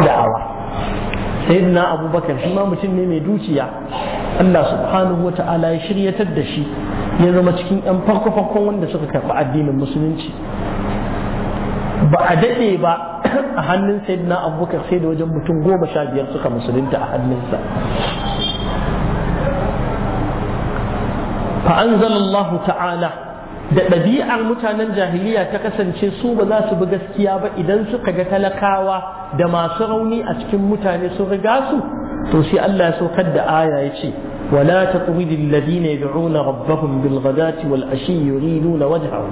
da'awa sayyidina abubakar shi ma mutum ne mai dukiya Allah subhanahu wata'ala ya shiryatar da shi ya zama cikin yan farko farkon wanda suka karɓi addinin musulunci ba a daɗe ba a hannun sayyidina abubakar sai da wajen mutum goma sha biyar suka musulunta a hannunsa فأنزل ta'ala da ɗabi'ar mutanen jahiliya ta kasance su ba za su bi gaskiya ba idan suka ga talakawa da masu rauni a cikin mutane sun riga su to sai Allah ya saukar da aya ya ce wala yad'una ولا تطرد الذين يدعون ربهم بالغداة والعشي يريدون وجهه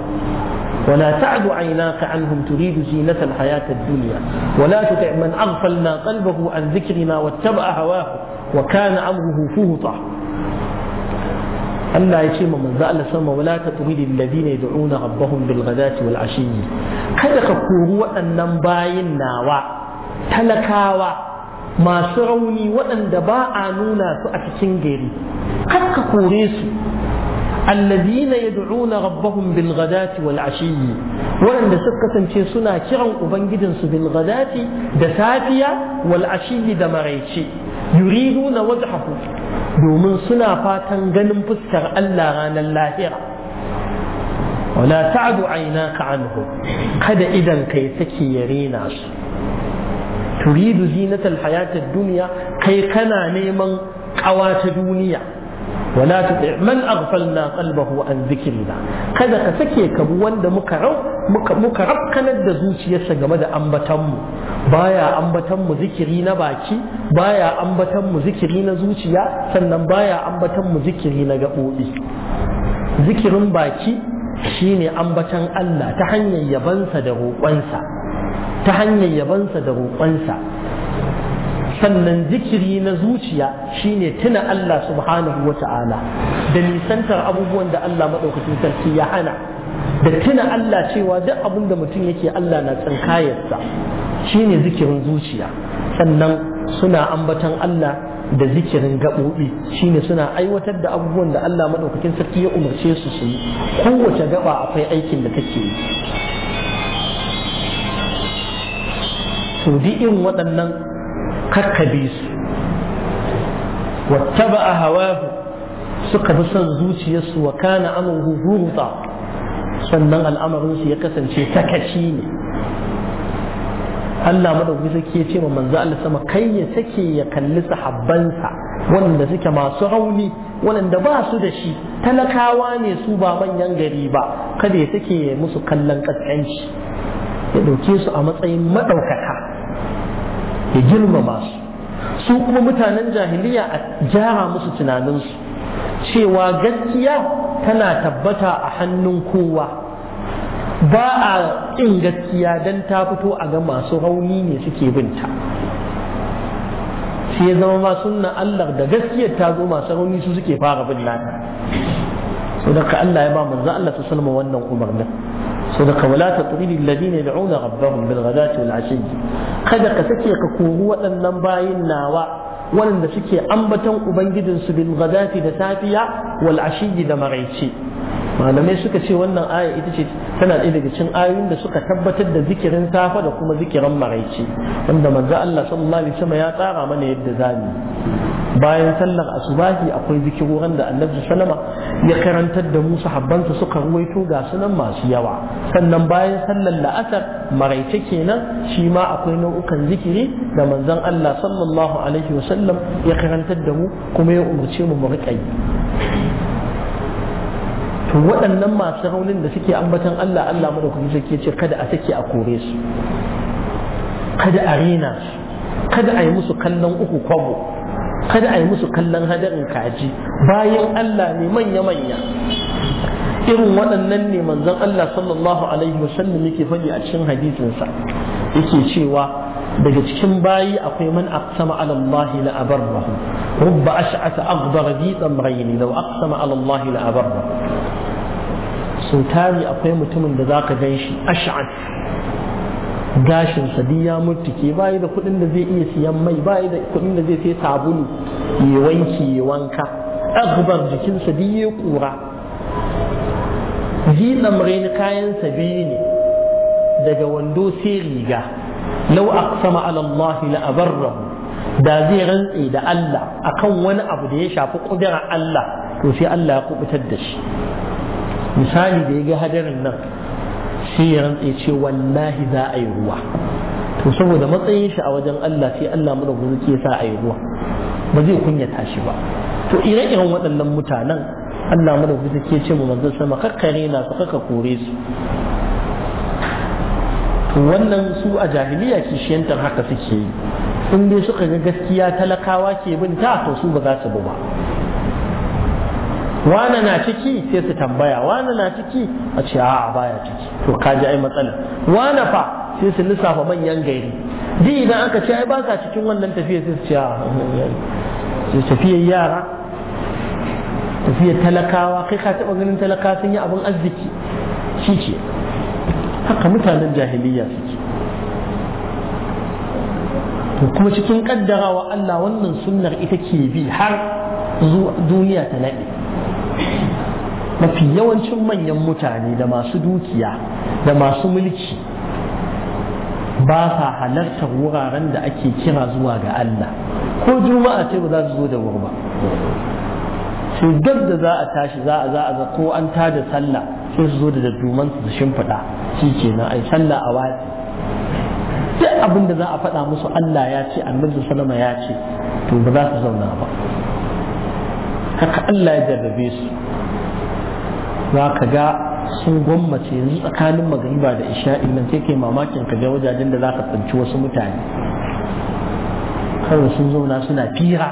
ولا تعد عيناك عنهم تريد زينة الحياة الدنيا ولا تطع aghfalna qalbahu an dhikrina wattaba hawahu wa kana amruhu fuhta Allah ya ce ma manzo Allah san ma wala ta tumi lil ladina yad'una rabbahum bil ghadati wal ashiyi kada ka kori waɗannan bayin nawa talakawa masu rauni waɗanda ba a nuna su a cikin gari kada ka kore su alladina yad'una rabbahum bil ghadati wal ashiyi waɗanda suka kasance suna kiran ubangijinsu bil ghadati da safiya wal ashiyi da maraice na wajhahu domin suna fatan ganin fuskar Allah ranar lahira wala ta'du ka anhu kada idan kai sake ya rena su turidu zinatal hayatid dunya kai kana neman kawa ta duniya wala tuti man aghfalna qalbahu an dhikrina kada ka sake ka bi wanda muka rau muka muka da zuciyarsa game da ambatanmu mu baya ambatan mu zikiri na baki baya ambatan mu zikiri na zuciya sannan baya ambatan mu zikiri na gaɓoɓi zikirin baki shine ambatan Allah ta hanyar yabansa da roƙonsa ta hanyar yabansa da roƙonsa sannan zikiri na zuciya shine tuna Allah subhanahu wa ta'ala da nisantar abubuwan da Allah maɗaukacin sarki ya hana da tuna Allah cewa duk abin da mutum yake Allah na shi shine zikirin zuciya sannan suna ambatan Allah da zikirin gaɓoɓi shine suna aiwatar da abubuwan da Allah maɗaukakin sarki ya umarce su su yi kowace gaba akwai aikin da take yi to di irin waɗannan kakkabe su wattaba a hawa suka fi son zuciyarsu wa kana amurhu hurufa sannan al'amarinsu ya kasance takaci ne Allah madauki sai ya ce ma manzo Allah sama kai ya take ya kalli sahabbansa wanda suke masu rauni wanda ba su da shi talakawa ne su ba manyan gari ba kada ya sake ya musu kallon kaskanci ya dauke su a matsayin madaukaka ya girmama su su kuma mutanen jahiliya a jara musu tunaninsu cewa gaskiya tana tabbata a hannun kowa ba a ƙin gaskiya don ta fito a ga masu rauni ne suke binta sai ya zama ma sunna Allah da gaskiyar ta zo masu rauni su suke fara bin lana so da ka Allah ya ba manzo Allah ta salma wannan umarnin so da ka wala ta turi lilladina yad'una rabbahum bil ghadati wal ashi kada ka sake ka kori waɗannan bayin nawa waɗanda suke ambaton ubangijinsu bil ghadati da safiya wal ashi da maraice malamai suka ce wannan aya ita ce tana ɗaya daga cikin ayoyin da suka tabbatar da zikirin safa da kuma zikirin maraice wanda manzo Allah sallallahu alaihi wasallam ya tsara mana yadda zamu bayan sallar asubahi akwai zikirorin da Annabi sallama ya karantar da mu su suka ruwaito ga sunan masu yawa sannan bayan sallar la'asar maraice kenan shi ma akwai nau'ukan zikiri da manzon Allah sallallahu alaihi wasallam ya karantar da mu kuma ya umarce mu mu riƙa to waɗannan masu raunin da suke ambatan Allah Allah kuma sarki ce kada a sake a kore su kada a rena su kada a yi musu kallon uku kwabo kada a yi musu kallon hadarin kaji bayan Allah ne manya-manya irin waɗannan ne manzon Allah sallallahu alaihi wasallam yake faɗi a cikin sa yake cewa daga cikin bayi akwai man aqsama ala Allah la abarrahu rubba ash'ata aghdara bi tamrayn law aqsama ala Allah la abarrahu so tari akwai mutumin da zaka gan shi ash'ad gashin sa ya murtuke bayi da kuɗin da zai iya siyan mai bayi da kuɗin da zai sai sabulu ya wanki ya wanka agbar jikinsa duk ya kura zinamrain kayansa biyu ne daga wando sai riga lau aqsama ala Allah la abarrahu da zai rantse da Allah akan wani abu da ya shafi ƙudurar Allah to sai Allah ya kubutar da shi misali da ya ga hadarin nan shi ya rantse ce wallahi za a yi ruwa to saboda matsayin shi a wajen Allah sai Allah mu da ke sa a yi ruwa ba zai kunyata shi ba to ire-iren waɗannan mutanen Allah mu da ke ce mu manzon sama kakkare na su kaka kore su to wannan su a jahiliya kishiyantar haka suke yi in dai suka ga gaskiya talakawa ke bin ta to su ba za su ba wane na ciki sai su tambaya wane na ciki a ce a'a baya ciki to kaji ai matsala wane fa sai su lissafa manyan gairi duk idan aka ce ai ba sa cikin wannan tafiya sai su ce a'a tafiyar yara tafiyar talakawa kai ka taɓa ganin talaka sun yi abin arziki shi ce haka mutanen jahiliya suke to kuma cikin kaddarawa Allah wannan sunnar ita ke bi har duniya ta naɗe mafi yawancin manyan mutane da masu dukiya da masu mulki ba sa halartar wuraren da ake kira zuwa ga Allah ko juma'a ce ba za su zo da wuri ba sai gab da za a tashi za a za a ko an tada sallah sai su zo da dadduman su shimfiɗa shi kenan ai sallah a wati, duk abin da za a faɗa musu Allah ya ce annabi sallama ya ce to ba za su zauna ba haka Allah ya jarrabe su za ka ga sun gwammace yanzu tsakanin magariba da isha'i nan sai yi mamakin ka ga wajajen da za ka tsanci wasu mutane kawai sun zauna suna fira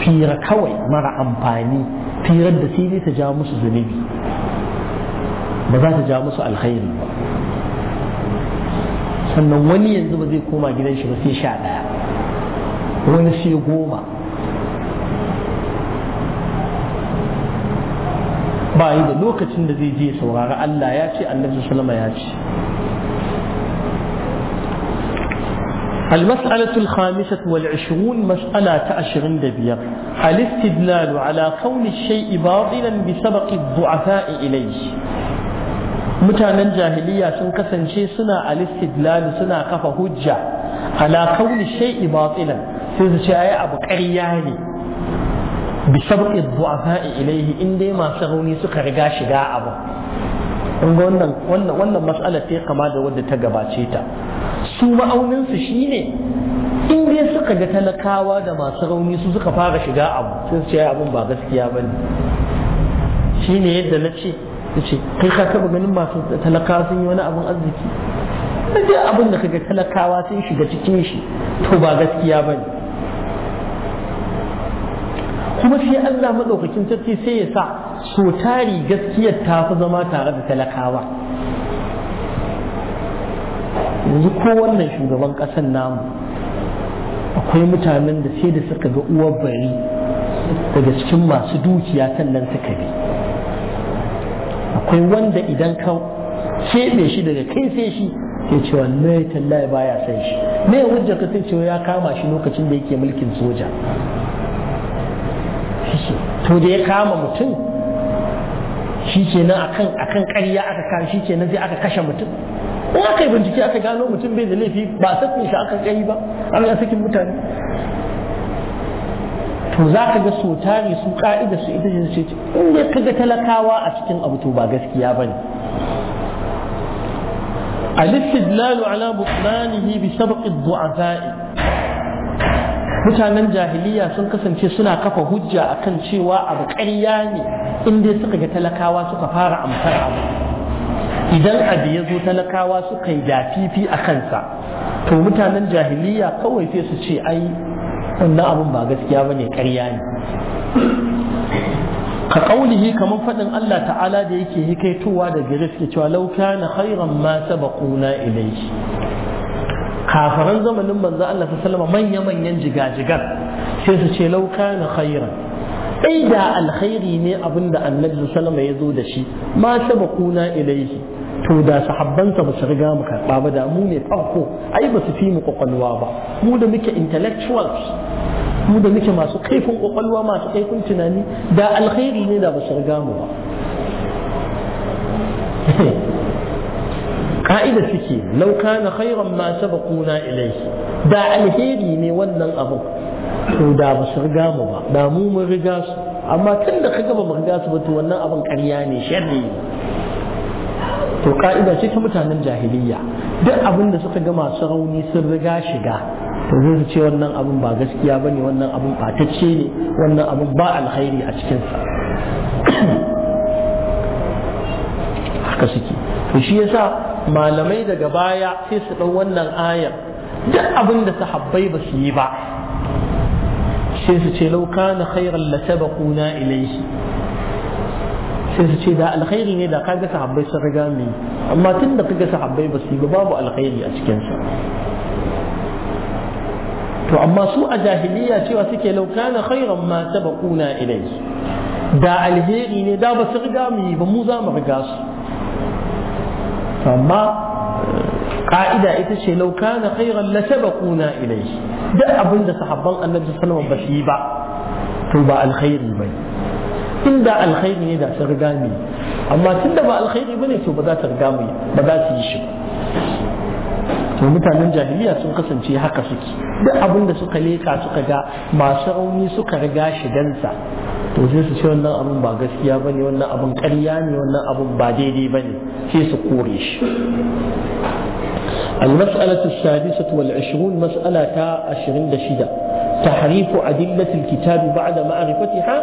fira kawai mara amfani firar da sai dai ta ja musu zunubi ba za ta ja musu alkhairi ba sannan wani yanzu ba zai koma gidan shi ba sai sha ɗaya wani sai goma ba da lokacin da zai je saurara Allah ya ce annabi sallama ya ce المسألة الخامسة والعشرون مسألة عشر دبير الاستدلال على كون الشيء باطلا بسبق الضعفاء إليه متانا جاهلية سنكسا شيء سنا الاستدلال سنا كف على كون الشيء باطلا سيزا شيء أبو bi sabqi du'afa'i ilaihi in dai masu suka riga shiga abu in ga wannan wannan wannan mas'alar ta kama da wadda ta gabace ta su ma'aunin su shine in dai suka ga talakawa da masu rauni su suka fara shiga abu sun ce abun ba gaskiya bane shine yadda na ce ce kai ka taba ganin masu talakawa sun yi wani abun arziki dai abun da kaga talakawa sun shiga cikin shi to ba gaskiya bane kuma sai Allah maɗaukakin tafi sai ya sa so tari gaskiyar ta fi zama tare da talakawa yanzu ko wannan shugaban ƙasar namu akwai mutanen da sai da suka ga uwar bari daga cikin masu dukiya sannan suka bi akwai wanda idan ka keɓe shi daga kai sai shi ya ce wallahi tallahi baya san shi na hujjar ka sai cewa ya kama shi lokacin da yake mulkin soja suke to da ya kama mutum shi kenan akan akan ƙarya aka kama shi nan zai aka kashe mutum in aka yi bincike aka gano mutum bai da laifi ba a sakin shi aka kai ba an ya sakin mutane to za ka ga so tare su ka'ida su ita ce ce in ya kaga talakawa a cikin abu to ba gaskiya ba ne الاستدلال bi بطلانه بسبق duai mutanen jahiliya sun kasance suna kafa hujja akan cewa abu ƙarya ne inda suka ga talakawa suka fara amsar abu idan abu ya zo talakawa suka yi dafifi a kansa to mutanen jahiliya kawai sai su ce ai wannan abun ba gaskiya ba ne ƙarya ne ka ƙaunihi kamar faɗin Allah ta'ala da yake hikaitowa da gare suke cewa lauka na khairan ma sabaquna ilayhi kafaran zamanin manzo Allah sallama manya manyan jiga-jigar sai su ce lauka na khairan ai da alkhairi ne abinda annabi sallama ya zo da shi ma sabaquna ilaihi to da sahabbansa ba su riga mu karba ba da mu ne farko ai ba su fi mu kwakwalwa ba mu da muke intellectuals mu da muke masu kaifin kwakwalwa masu kaifin tunani da alkhairi ne da ba su riga mu ba ka'ida suke lau kana khairan ma kuna ilayhi da alheri ne wannan abu to da ba su riga mu ba da mu mun riga su amma tun da ka gaba mu riga su ba to wannan abin ƙarya ne sharri to ka'ida ce ta mutanen jahiliya duk abin da suka ga masu rauni sun riga shiga to zai ce wannan abin ba gaskiya ba ne wannan abin ɓatacce ne wannan abin ba alheri a cikinsa haka suke to shi yasa malamai daga baya sai su ɗau wannan ayar duk abin da sahabbai ba su yi ba sai su ce lauka na khairar lasabaquna ilaihi sai su ce da alkhairi ne da kaga sahabbai sun riga mu amma tun da kaga sahabbai ba su yi babu alkhairi a cikinsa. to amma su a jahiliya cewa suke lauka na khairan ma sabaquna ilaihi da alheri ne da ba su riga mu ba mu za mu riga su amma eh, ka'ida ita ce lau kana khairan la sabaquna ilayhi duk abin da sahabban annabi sallallahu alaihi wasallam ba to ba alkhairi bane inda alkhairi ne da su riga mu amma tunda ba alkhairi bane to ba za ta riga mu ba za su yi shi to mutanen jahiliya sun kasance haka suke duk abin da suka leka suka ga masu rauni suka riga shigansa to sai su ce wannan abun ba gaskiya ba ne wannan abun ƙarya ne wannan abun ba daidai ba ne sai su kore shi المسألة السادسة والعشرون مسألة عشرين دشدة تحريف أدلة الكتاب بعد معرفتها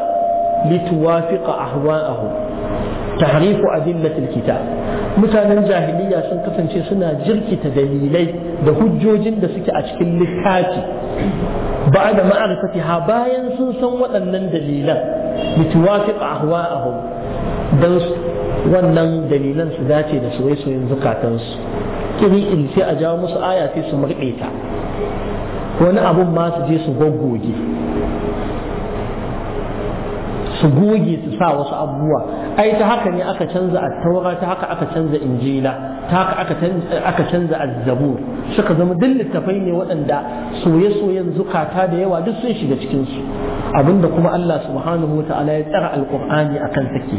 لتوافق أهواءهم تحريف أدلة الكتاب mutanen jahiliya sun kasance suna jirkita dalilai da hujjojin da suke a cikin littafi بعد معرفتها باين سنسن waɗannan dalilan mutuwafiq ahwa'ahum dan wannan dalilan su dace da soyayyen zukatansu kiri in sai a jawo musu aya sai su murɗe ta wani abun ma su je su goggoge su goge su sa wasu abubuwa ai ta haka ne aka canza attaura ta haka aka canza injila ta aka canza azzabur suka zama duk littafai ne waɗanda soye-soyen zukata da yawa duk sun shiga cikinsu abinda kuma Allah subhanahu wa ta'ala ya tsara alƙur'ani a kan sake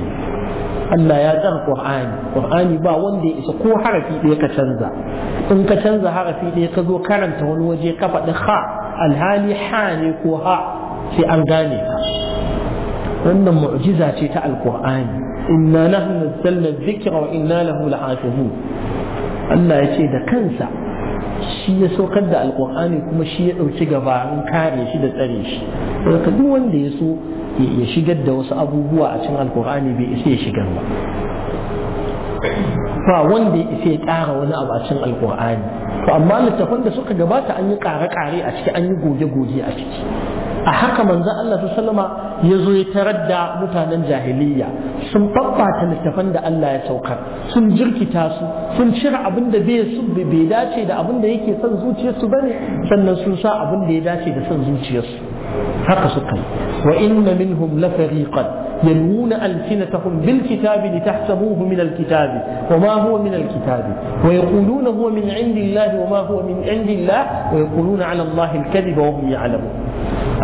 Allah ya tsara ƙur'ani ƙur'ani ba wanda ya isa ko harafi ɗaya ka canza in ka canza harafi ɗaya ka zo karanta wani waje ka faɗi ha alhali ha ne ko ha sai an gane ka wannan mu'jiza ce ta alƙur'ani inna nahnu nazzalna dhikra wa inna lahu la'afizun Allah ya ce da kansa shi ya saukar da alkur'ani kuma shi ya ɗauki gabarin kare shi da tsare shi daga duk wanda ya so ya shigar da wasu abubuwa a cikin alkur'ani bai isa ya shigar ba ba wanda ya isa ya ƙara wani abu a cin alkur'ani to amma littafan da suka gabata an yi ƙare-ƙare a ciki an yi goge-goge a ciki a haka manzo Allah ta sallama ya zo ya tarar da mutanen jahiliya sun babbata littafan da Allah ya saukar sun jirkita su sun cire abin da bai bai dace da abin da yake son zuciyarsu bane sannan sun sa abin da ya dace da son zuciyarsu haka suka yi wa inna minhum la يلوون ألسنتهم بالكتاب لتحسبوه من الكتاب وما هو من الكتاب ويقولون هو من عند الله وما هو من عند الله ويقولون على الله الكذب وهم يعلمون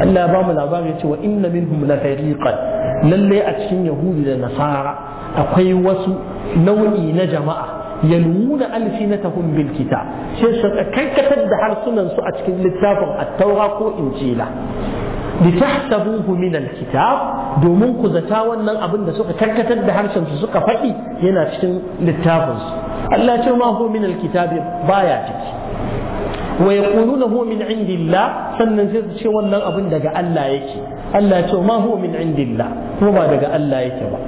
ألا بام الأباب وإن منهم لفريقا للي أتشن يهود لنصارى أقوي وسو نوعي نجماعة يلوون ألسنتهم بالكتاب كيف تدحر سنن سؤال للتافق التوراة إنجيلا litahsabuhu min alkitab domin ku zata wannan abin da suka karkatar da harshen su suka faɗi yana cikin littafin su Allah ce ma hu min alkitabi baya ciki wa yaquluna hu min indillah sannan sai su ce wannan abin daga Allah yake Allah ce ma hu min indillah ko ba daga Allah yake ba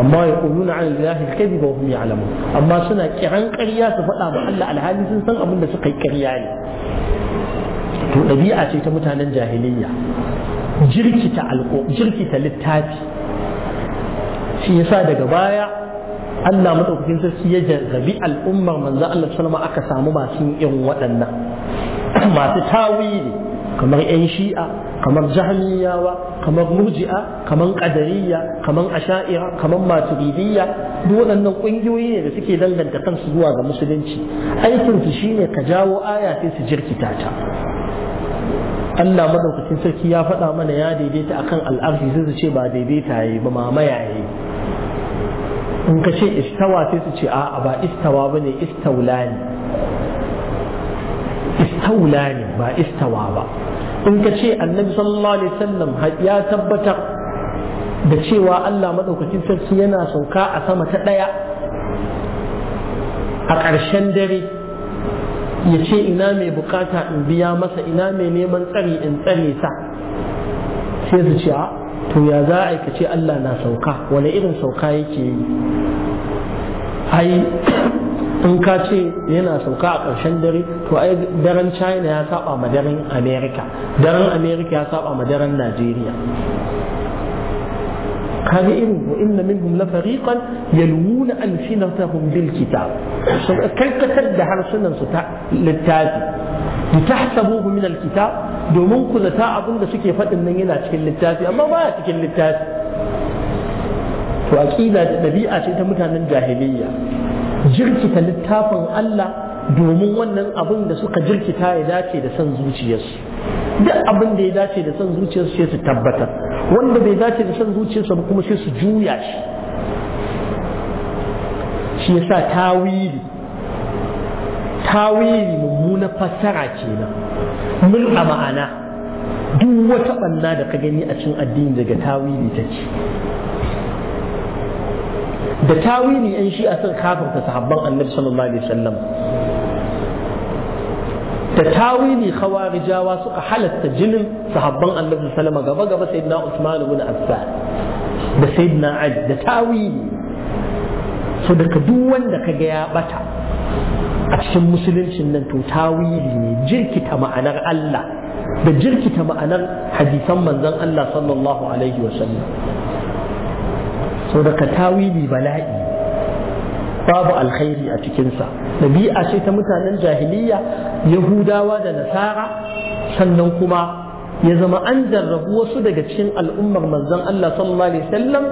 amma ya kuluna an lillahi alkadhib wa hum ya'lamun amma suna kiran ƙarya su faɗa ma Allah alhali sun san abin da suka yi ƙarya ne to ɗabi'a ce ta mutanen jahiliyya jirkita littafi shi yasa daga baya Allah madaukakin sarki ya jarrabi al'ummar manzo Allah sallama aka samu masu yin waɗannan masu tawili kamar 'yan shi'a kamar jahmiyawa kamar murji'a kamar qadariyya kamar asha'ira kamar maturidiyya duk waɗannan ƙungiyoyi ne da suke danganta kansu zuwa ga musulunci aikin shine ka jawo aya sai su jirkita ta Allah madaukakin sarki ya faɗa mana ya daidaita akan al'arshi sai su ce ba daidaita yayi ba mamaya yayi in ka ce istawa sai su ce a'a ba istawa bane istaula ne istaula ne ba istawa ba in ka ce annabi sallallahu alaihi wasallam ya tabbatar da cewa Allah madaukakin sarki yana sauka a sama ta ɗaya a ƙarshen dare ya ce ina mai bukata in biya masa ina mai neman tsari in tsare ta sai su ce to ya za a aikace Allah na sauka wani irin sauka yake yi ai in ka ce yana sauka a ƙarshen dare to ai daren china ya saba ma daren america daren america ya saba ma daren najeriya قال وإن منهم لفريقا يلوون ألسنتهم بالكتاب كيف تتدى على سنة للتاجي لتحسبوه من الكتاب دومون كذا تاع أظن شك يفتن من ينا تكن للتاجي أما ما تكن للتاجي وأكيد نبي أشيطة مكان الجاهلية جرتك للتاب الله دومون أظن شك جرتك تاعي ذاتي لسن زوجي يسر duk abin da ya dace da son zuciyarsu sai su tabbatar wanda bai dace da son zuciyarsu ba kuma sai su juya shi shi yasa tawili tawili mummuna fassara kenan mun a ma'ana duk wata banna da ka gani a cikin addini daga tawili ce da tawili yan shi a san kafirta sahabban annabi sallallahu alaihi wasallam da tawili khawarijawa suka halatta jinin sahabban annabi sallama gaba gaba sayyidina Usman ibn Affan da sayyidina Ali da tawili so daga duk wanda kaga ya bata a cikin musuluncin nan to tawili ne jirkita ma'anar Allah da jirkita ma'anar hadisan manzon Allah sallallahu alaihi wasallam so daga tawili bala'i babu alkhairi a cikinsa ɗabi'a ce ta mutanen jahiliya yahudawa da nasara sannan kuma ya zama an jarrabu wasu daga cikin al'ummar manzon Allah sallallahu alaihi wasallam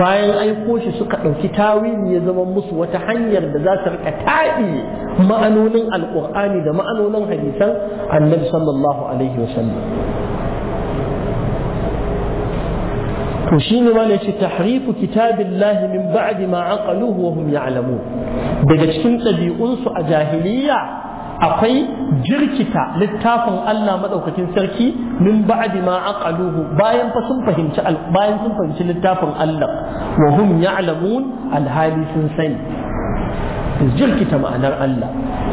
bayan aiko shi suka ɗauki tawili ya zama musu wata hanyar da za su rika taɗi ma'anonin alƙur'ani da ma'anonin hadisan annabi sallallahu alaihi wasallam to ne ma ne ce tahrifu kitabillahi min ba'di ma aqaluhu wa hum ya'lamun daga cikin ɗabi'unsu a jahiliya akwai jirkita littafin Allah madaukakin sarki min ba'di ma aqaluhu bayan fa sun fahimci bayan sun fahimci littafin Allah wa hum ya'lamun alhali sun sani jirkita ma'anar Allah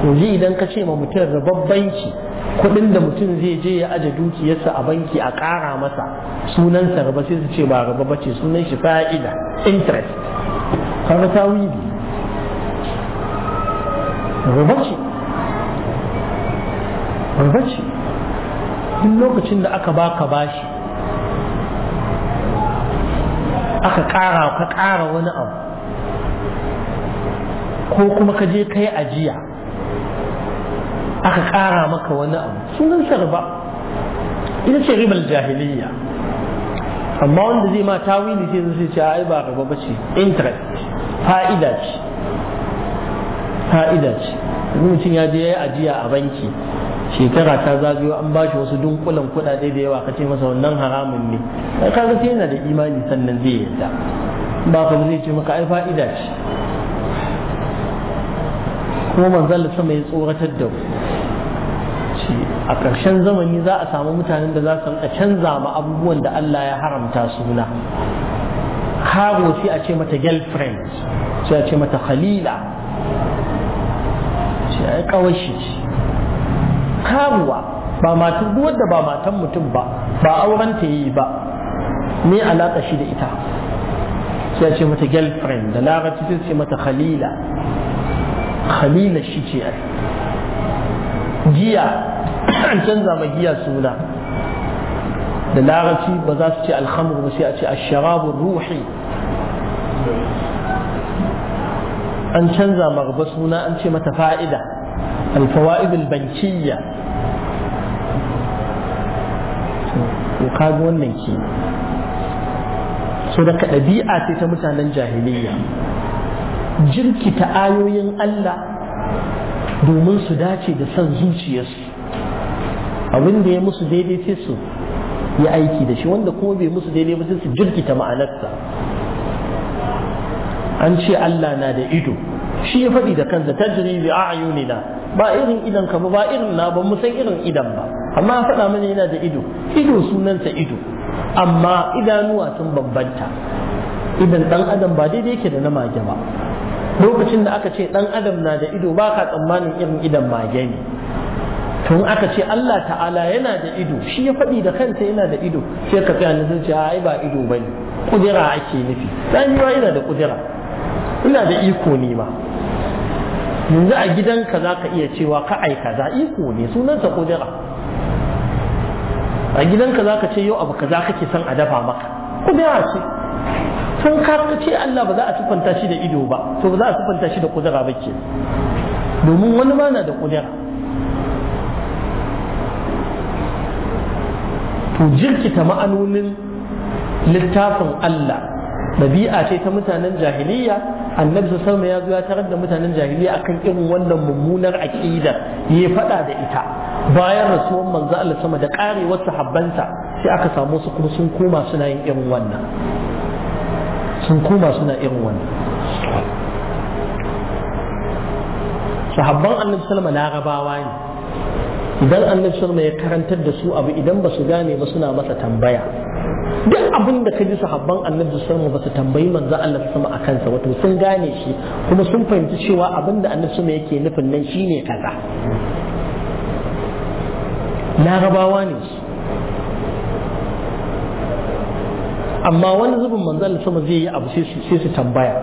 yanzu idan ka ce ma mutum rababbanci kuɗin da mutum zai je ya aje dukiyarsa a banki a ƙara masa sunansa raba sai su ce ba raba ba ce sunan shi fa'ida interest kaga tawili raba ce raba ce duk lokacin da aka baka bashi aka ƙara ka ƙara wani abu ko kuma ka je kai ajiya aka kara maka wani abu sunan sarba ita ce ribar jahiliya amma wanda zai ma tawili sai zai ce ai ba riba ba ce interest fa'ida ce fa'ida ce mutum ya je ya yi ajiya a banki shekara ta zagayo an bashi wasu dunkulan kuɗaɗe da yawa kace masa wannan haramun ne kai sai yana da imani sannan zai yadda ba ka zai ce maka ai fa'ida ce kuma manzon sama ya tsoratar da ku ce a ƙarshen zamani za a samu mutanen da za su rinka canza ma abubuwan da Allah ya haramta suna karo sai a ce mata girlfriend sai a ce mata khalila sai a yi kawashi ce Haruwa ba matan wadda ba matan mutum ba ba auren ta yi ba me alaƙa shi da ita sai a ce mata girlfriend da larabci sai ce mata khalila khalila shi ce jiya an canza ma giya suna da larabci ba za su ce alhamur ba sai a ce asharabun ruhi an canza ma gaba suna an ce mata fa'ida alfawa'id albankiyya to kaga wannan ke so daga ɗabi'a ce ta mutanen jahiliyya jirkita ayoyin Allah domin su dace da son zuciyarsu abin da ya musu daidai sai su yi aiki da shi wanda kuma bai musu daidai ba sai su jirkita ma'anarsa an ce Allah na da ido shi ya faɗi da kansa tajri bi a'yunina ba irin idan ka ba irin na ba mu irin idan ba amma faɗa mana yana da ido ido sunansa ido amma idanuwa sun bambanta idan dan adam ba daidai yake da na mage ba lokacin da aka ce dan adam na da ido ba ka tsammanin irin idan mage ne tun aka ce Allah ta'ala yana da ido shi ya faɗi da kansa yana da ido sai ka tsaya nan ce ai ba ido ba ne, ƙudira ake nufi dan yiwa ina da ƙudira. ina da iko ne ma yanzu a gidanka za ka iya cewa ka aika za iko ne sunansa ƙudira. a gidanka za ka ce yau abu kaza kake son a dafa maka ƙudira ce tun ka ce Allah ba za a sufanta shi da ido ba to ba za a sufanta shi da ƙudira ba ke domin wani ma na da ƙudira. to jirkita ma'anonin littafin Allah dabi'a ce ta mutanen jahiliya annabi sallallahu ya zo ya tarar da mutanen jahiliya akan irin wannan mummunar aqida ya faɗa da ita bayan rasuwan manzo Allah sama da karewar sahabbansa sai aka samu su kuma sun koma suna yin irin wannan sun koma suna irin wannan sahabban annabi sallallahu larabawa ne idan annabi sallama ya karantar da su abu idan ba su gane ba suna masa tambaya duk abin da ka ji sahabban annabi sallama ba su tambayi manzo Allah sama a kansa wato sun gane shi kuma sun fahimci cewa abin da annabi sallama yake nufin nan shine kaza larabawa ne amma wani zubin manzo Allah sama zai yi abu sai su tambaya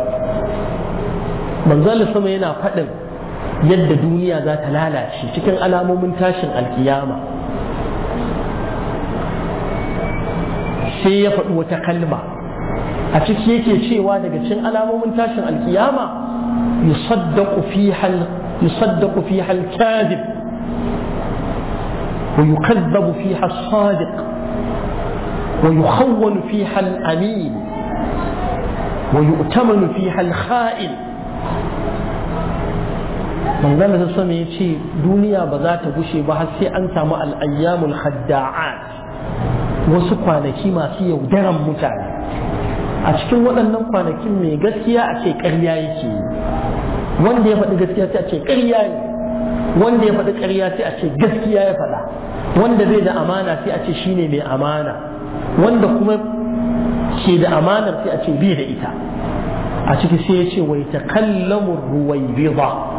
manzo Allah sama yana faɗin yadda duniya za ta lalace cikin alamomin tashin alkiyama sai ya faɗi wata kalma a ciki yake cewa daga cikin alamomin tashin alkiyama yusaddaqu fiha yusaddaqu fiha al-kadhib wa yukadhabu fi hal sadiq wa yukhawwanu fi hal amin wa yu'tamanu fi hal khain manzon da sassu ya ce duniya ba za ta gushe ba har sai an samu al'ayyamul hadda'at wasu kwanaki masu yaudaran mutane a cikin waɗannan kwanakin mai gaskiya a ce ƙarya yake wanda ya faɗi gaskiya sai a ce ƙarya ne wanda ya faɗi ƙarya sai a ce gaskiya ya faɗa wanda zai da amana sai a ce shi ne mai amana wanda kuma ke da amanar sai a ce bai da ita a ciki sai ya ce wai ta kallamu ruwai ba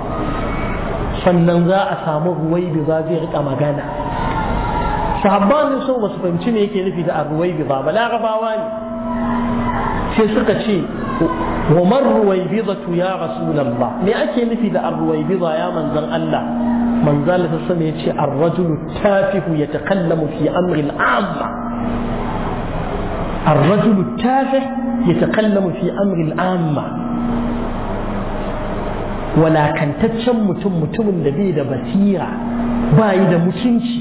sannan za a samu ruwai za zai rika magana sahabbanin sun wasu fahimci ne yake nufi da ruwai ba ba larabawa ne sai suka ce wa man ruwaibidatu ya rasulullah me ake nufi da ruwaibida ya manzan Allah manzo Allah ta sani yace ar-rajulu tafihu yatakallamu fi amri al-amma ar-rajulu tafih yatakallamu fi amri al-amma walakantaccen mutum mutumin da bai da basira bai da mutunci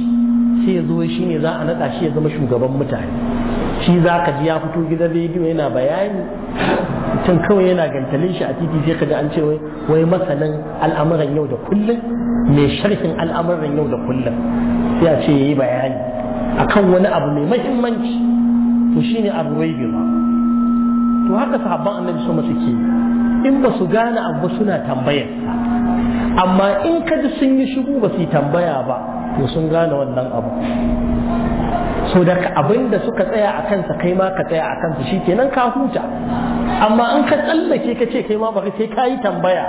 sai ya zo shi ne za a naɗa shi ya zama shugaban mutane shi za ka ji ya fito gidan rediyo yana bayani Tun kawai yana gantalin shi a titi sai ka ji an ce wai masanin al'amuran yau da kullum mai sharhin al'amuran yau da kullum sai a ce ya yi bayani akan wani abu mai mahimmanci to shine abu wai to haka sahabban annabi so masu ke in ba su gane abu suna tambayar amma in ka ji sun yi shigo ba su yi tambaya ba to sun gane wannan abu so da abin da suka tsaya a kansa kai ma ka tsaya a kansa shi kenan ka huta amma in ka tsallake ka ce kai ma ba sai ka yi tambaya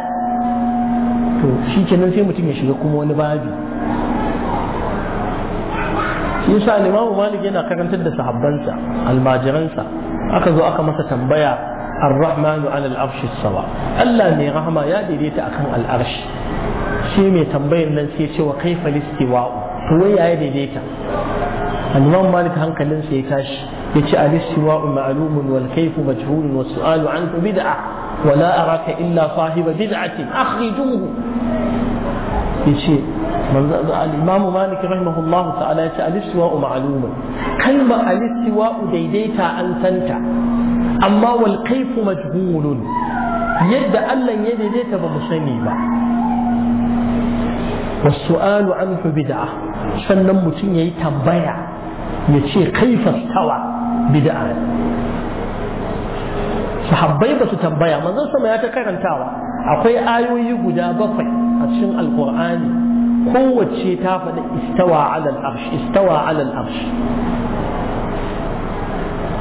to shi kenan sai mutum ya shiga kuma wani babi yasa limamu malik yana karantar da sahabbansa almajiransa aka zo aka masa tambaya الرحمن على العرش السواء ألا ني رحمة يا ديدي تأكم الأرش شيء مي تنبين لن سيتي وكيف الاستواء هو يا ديدي الإمام مالك هنك لن سيتاش يتي الاستواء معلوم والكيف مجهول والسؤال عنه بدعة ولا أراك إلا صاحب بدعة أخرجوه يتي الإمام مالك رحمه الله تعالى يتي الاستواء معلوم كلمة الاستواء ديديتا أنت أنت amma wal kaifu majhulun yadda Allah ya daidaita ba mu sani ba wasu'alu anhu bid'a sannan mutum yi tambaya ya ce kaifa stawa bid'a sahabbai ba su tambaya manzon sama ya ta karantawa akwai ayoyi guda bakwai a cikin Alƙur'ani kowace ta faɗi istawa alal arsh istawa alal arshi.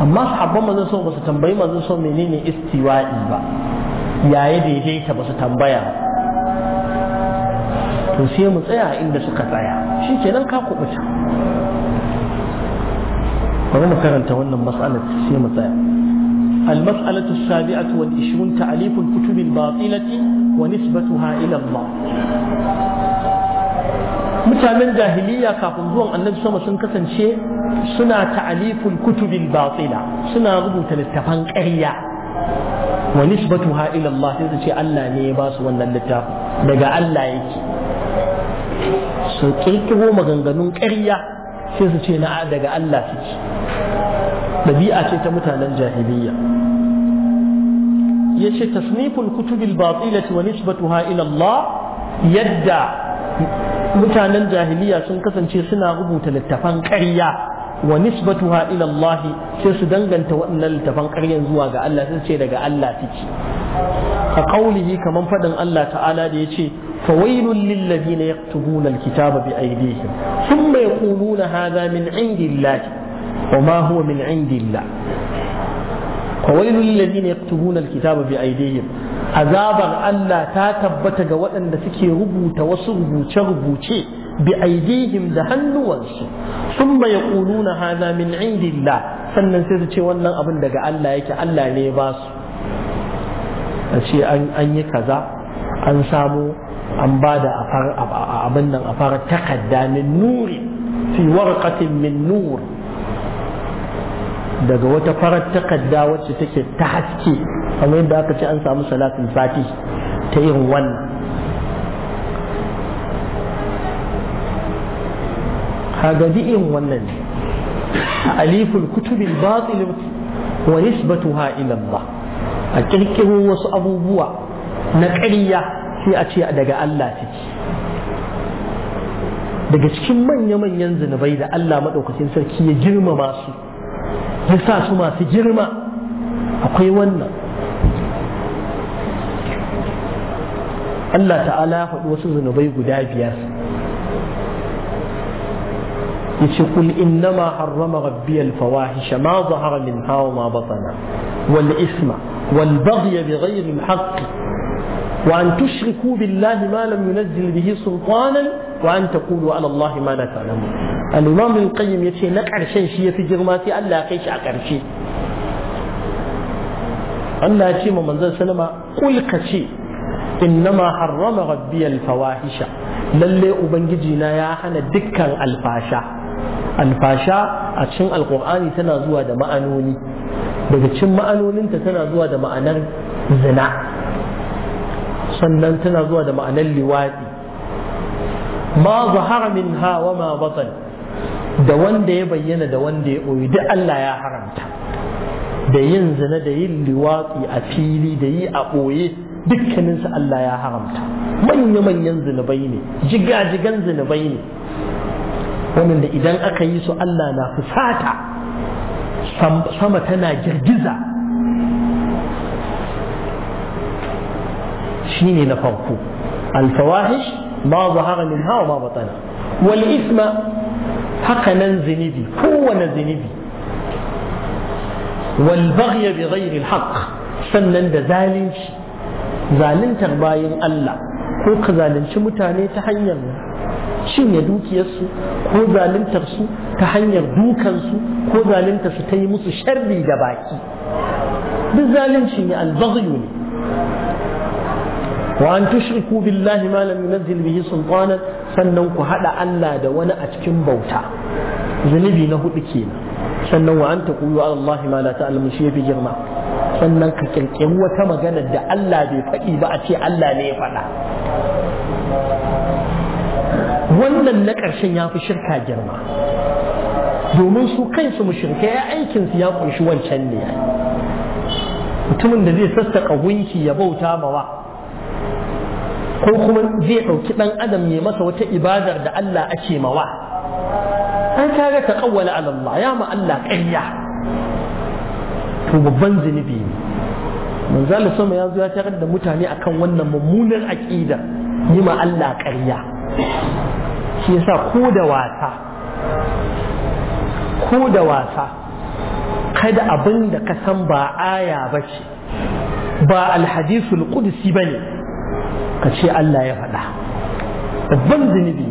amma sahabban manzon sama ba su tambayi manzon sama menene istiwa'i ba yaya daidaita ba su tambaya to sai mu tsaya inda suka tsaya shi kenan ka kubuta bari mu karanta wannan mas'alar sai mu tsaya المسألة السابعة والعشرون تعليف الكتب الباطلة ونسبتها إلى الله mutanen jahiliya kafin zuwan annabi sama sun kasance suna ta'aliful kutubil batila suna rubuta littafan ƙarya wa nisbatuha ila Allah sai su ce Allah ne ya ba su wannan littafin daga Allah yake su kirkiro maganganun ƙarya sai su ce na daga Allah suke ɗabi'a ce ta mutanen jahiliyya ya ce kutubil batilati wa nisbatuha ila Allah yadda mutanen jahiliya sun kasance suna rubuta littafan ƙarya wa nisbatuha ila Allah sai su danganta wannan littafan ƙaryan zuwa ga Allah sai ce daga Allah take ka kaulihi kaman faɗin Allah ta'ala da yace fawailul lil ladina yaktubuna alkitaba bi aydihim thumma yaquluna hadha min indillah wa ma huwa min indillah fawailul lil ladina yaktubuna alkitaba bi aydihim azabar Allah ta tabbata ga waɗanda suke rubuta wasu rubuce-rubuce bi aidihim da hannuwansu sun ya ƙuluna hada min indillah sannan sai su ce wannan abin daga Allah yake Allah ne ba su a ce an yi kaza an samu an ba da abin nan a fara takadda min nuri fi warqatin min nur daga wata farar takadda wacce take ta haske kamar yadda aka ce an samu salatin sati ta yin wannan kaga di'in wannan ne aliful kutubil batil wa nisbatuha ila Allah a kirkiro wasu abubuwa na ƙarya sai a ce daga Allah daga cikin manya-manyan zunubai da Allah maɗaukacin sarki ya girmama su ya sa su masu girma akwai wannan Allah ta'ala faɗi wasu zunubai guda biyar يتش قل إنما حرم ربي الفواحش ما ظهر منها وما بطن والإثم والبغي بغير الحق وأن تشركوا بالله ما لم ينزل به سلطانا وأن تقولوا على الله ما لا تعلمون الإمام ابن القيم يتشي لك عرشان شيء في جرماتي ألا قيش أكرشي ألا شيء من ذا سلمة قل كشي إنما حرم ربي الفواحش للي أبنجي يا حنا دكا الفاشا alfasha a cikin alkur'ani tana zuwa da ma'anoni daga cikin ma'anoninta tana zuwa da ma'anar zina sannan tana zuwa da ma'anar liwaɗi ma zahara min ha wa ma batan da wanda ya bayyana da wanda ya ɓoye duk Allah ya haramta da yin zina da yin liwaɗi a fili da yi a ɓoye dukkaninsu Allah ya haramta manya-manyan zinubai ne jiga-jigan zinubai ne waɗanda idan aka yi su Allah na fusata sama tana girgiza shi ne na farko alfawahish ma zahara min hawa ma batana wal isma haka nan zinibi kowane zinibi wal baghy bi ghairi al sannan da zalunci zaluntar bayan Allah ko ka zalunci mutane ta hanyar cinye dukiyarsu ko zaluntar su ta hanyar dukansu ko zaluntar su ta yi musu sharri da baki duk zalunci ne albaghyu ne wa an tushriku billahi ma lam yunzil bihi sultanan sannan ku hada Allah da wani a cikin bauta zunubi na hudu kenan sannan wa an taqulu ala Allah ma la ta'lamu shi yafi girma sannan ka kirkiri wata magana da Allah bai faɗi ba a ce Allah ne ya faɗa wannan na ƙarshen ya fi shirka girma domin su kansu mushirka ya aikinsu ya kunshi wancan ne mutumin da zai sassaƙa gunki ya bauta mawa ko kuma zai ɗauki ɗan adam ne masa wata ibadar da Allah ake mawa an kaga ta ƙawwala Allah ya ma Allah ƙarya to babban zunubi ne manzo Allah sama ya zo ya tarar da mutane akan wannan mummunar aqida yi ma Allah ƙarya shi yasa ko da wasa ku da wasa kada abin da ka san ba aya ba ce ba alhadisul qudsi ba ne ka ce Allah ya faɗa babban zunubi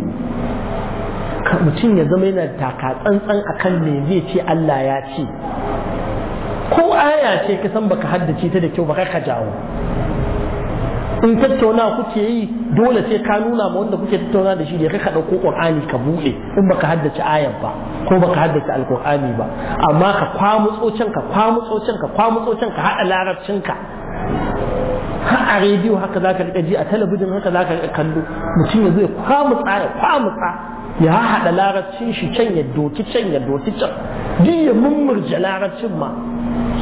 mutum ya zama yana taka tsantsan akan me zai ce Allah ya ce ko aya ce ka san baka haddace ta da kyau baka ka jawo in tattauna kuke yi dole sai ka nuna ma wanda kuke tattauna da shi da kai ka dauko qur'ani ka buɗe in baka haddace ayar ba ko baka haddace alqur'ani ba amma ka kwamutso can ka kwamutso can ka kwamutso can ka haɗa larabcin ka har a rediyo haka za ka riƙa ji a talabijin haka za ka riƙa kallo mutum ya zo kwamutsa ya kwamutsa ya haɗa larabcin shi can ya doki can ya doki can duk ya mummurje larabcin ma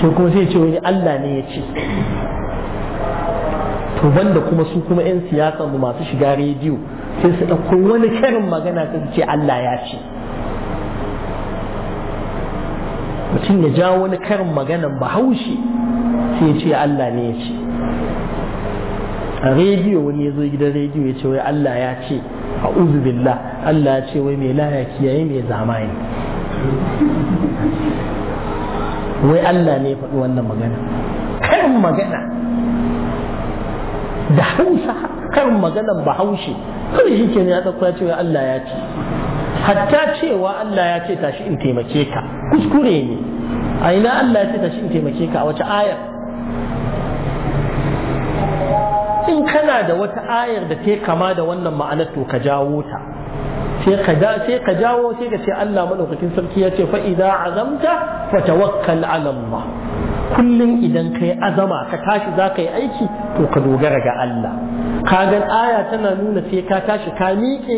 sai kuma sai ce wani Allah ne ya ce to banda kuma su kuma 'yan siyasa mu masu shiga rediyo sai su ɗauko wani karin magana sai ce Allah ya ce mutum ya ja wani karin maganan bahaushe sai ya ce Allah ne ya ce a rediyo wani ya zo gidan rediyo ya ce wai Allah ya ce a billah Allah ya ce wai mai laya kiyaye mai zamani wai Allah ne ya faɗi wannan magana karin magana da hausa karin maganan bahaushe kawai shi ke ne ya ɗauka cewa Allah ya ce hatta cewa Allah ya ce tashi in taimake ka kuskure ne a ina Allah ya ce tashi in taimake ka a wace ayar in kana da wata ayar da ta kama da wannan ma'anar to ka jawo ta sai ka jawo sai ka ce Allah maɗaukakin sarki ya ce fa'iza azamta fa tawakkal ala Allah kullum idan ka yi azama ka tashi za ka yi aiki to ka dogara ga Allah ka ga aya tana nuna sai ka tashi ka miƙe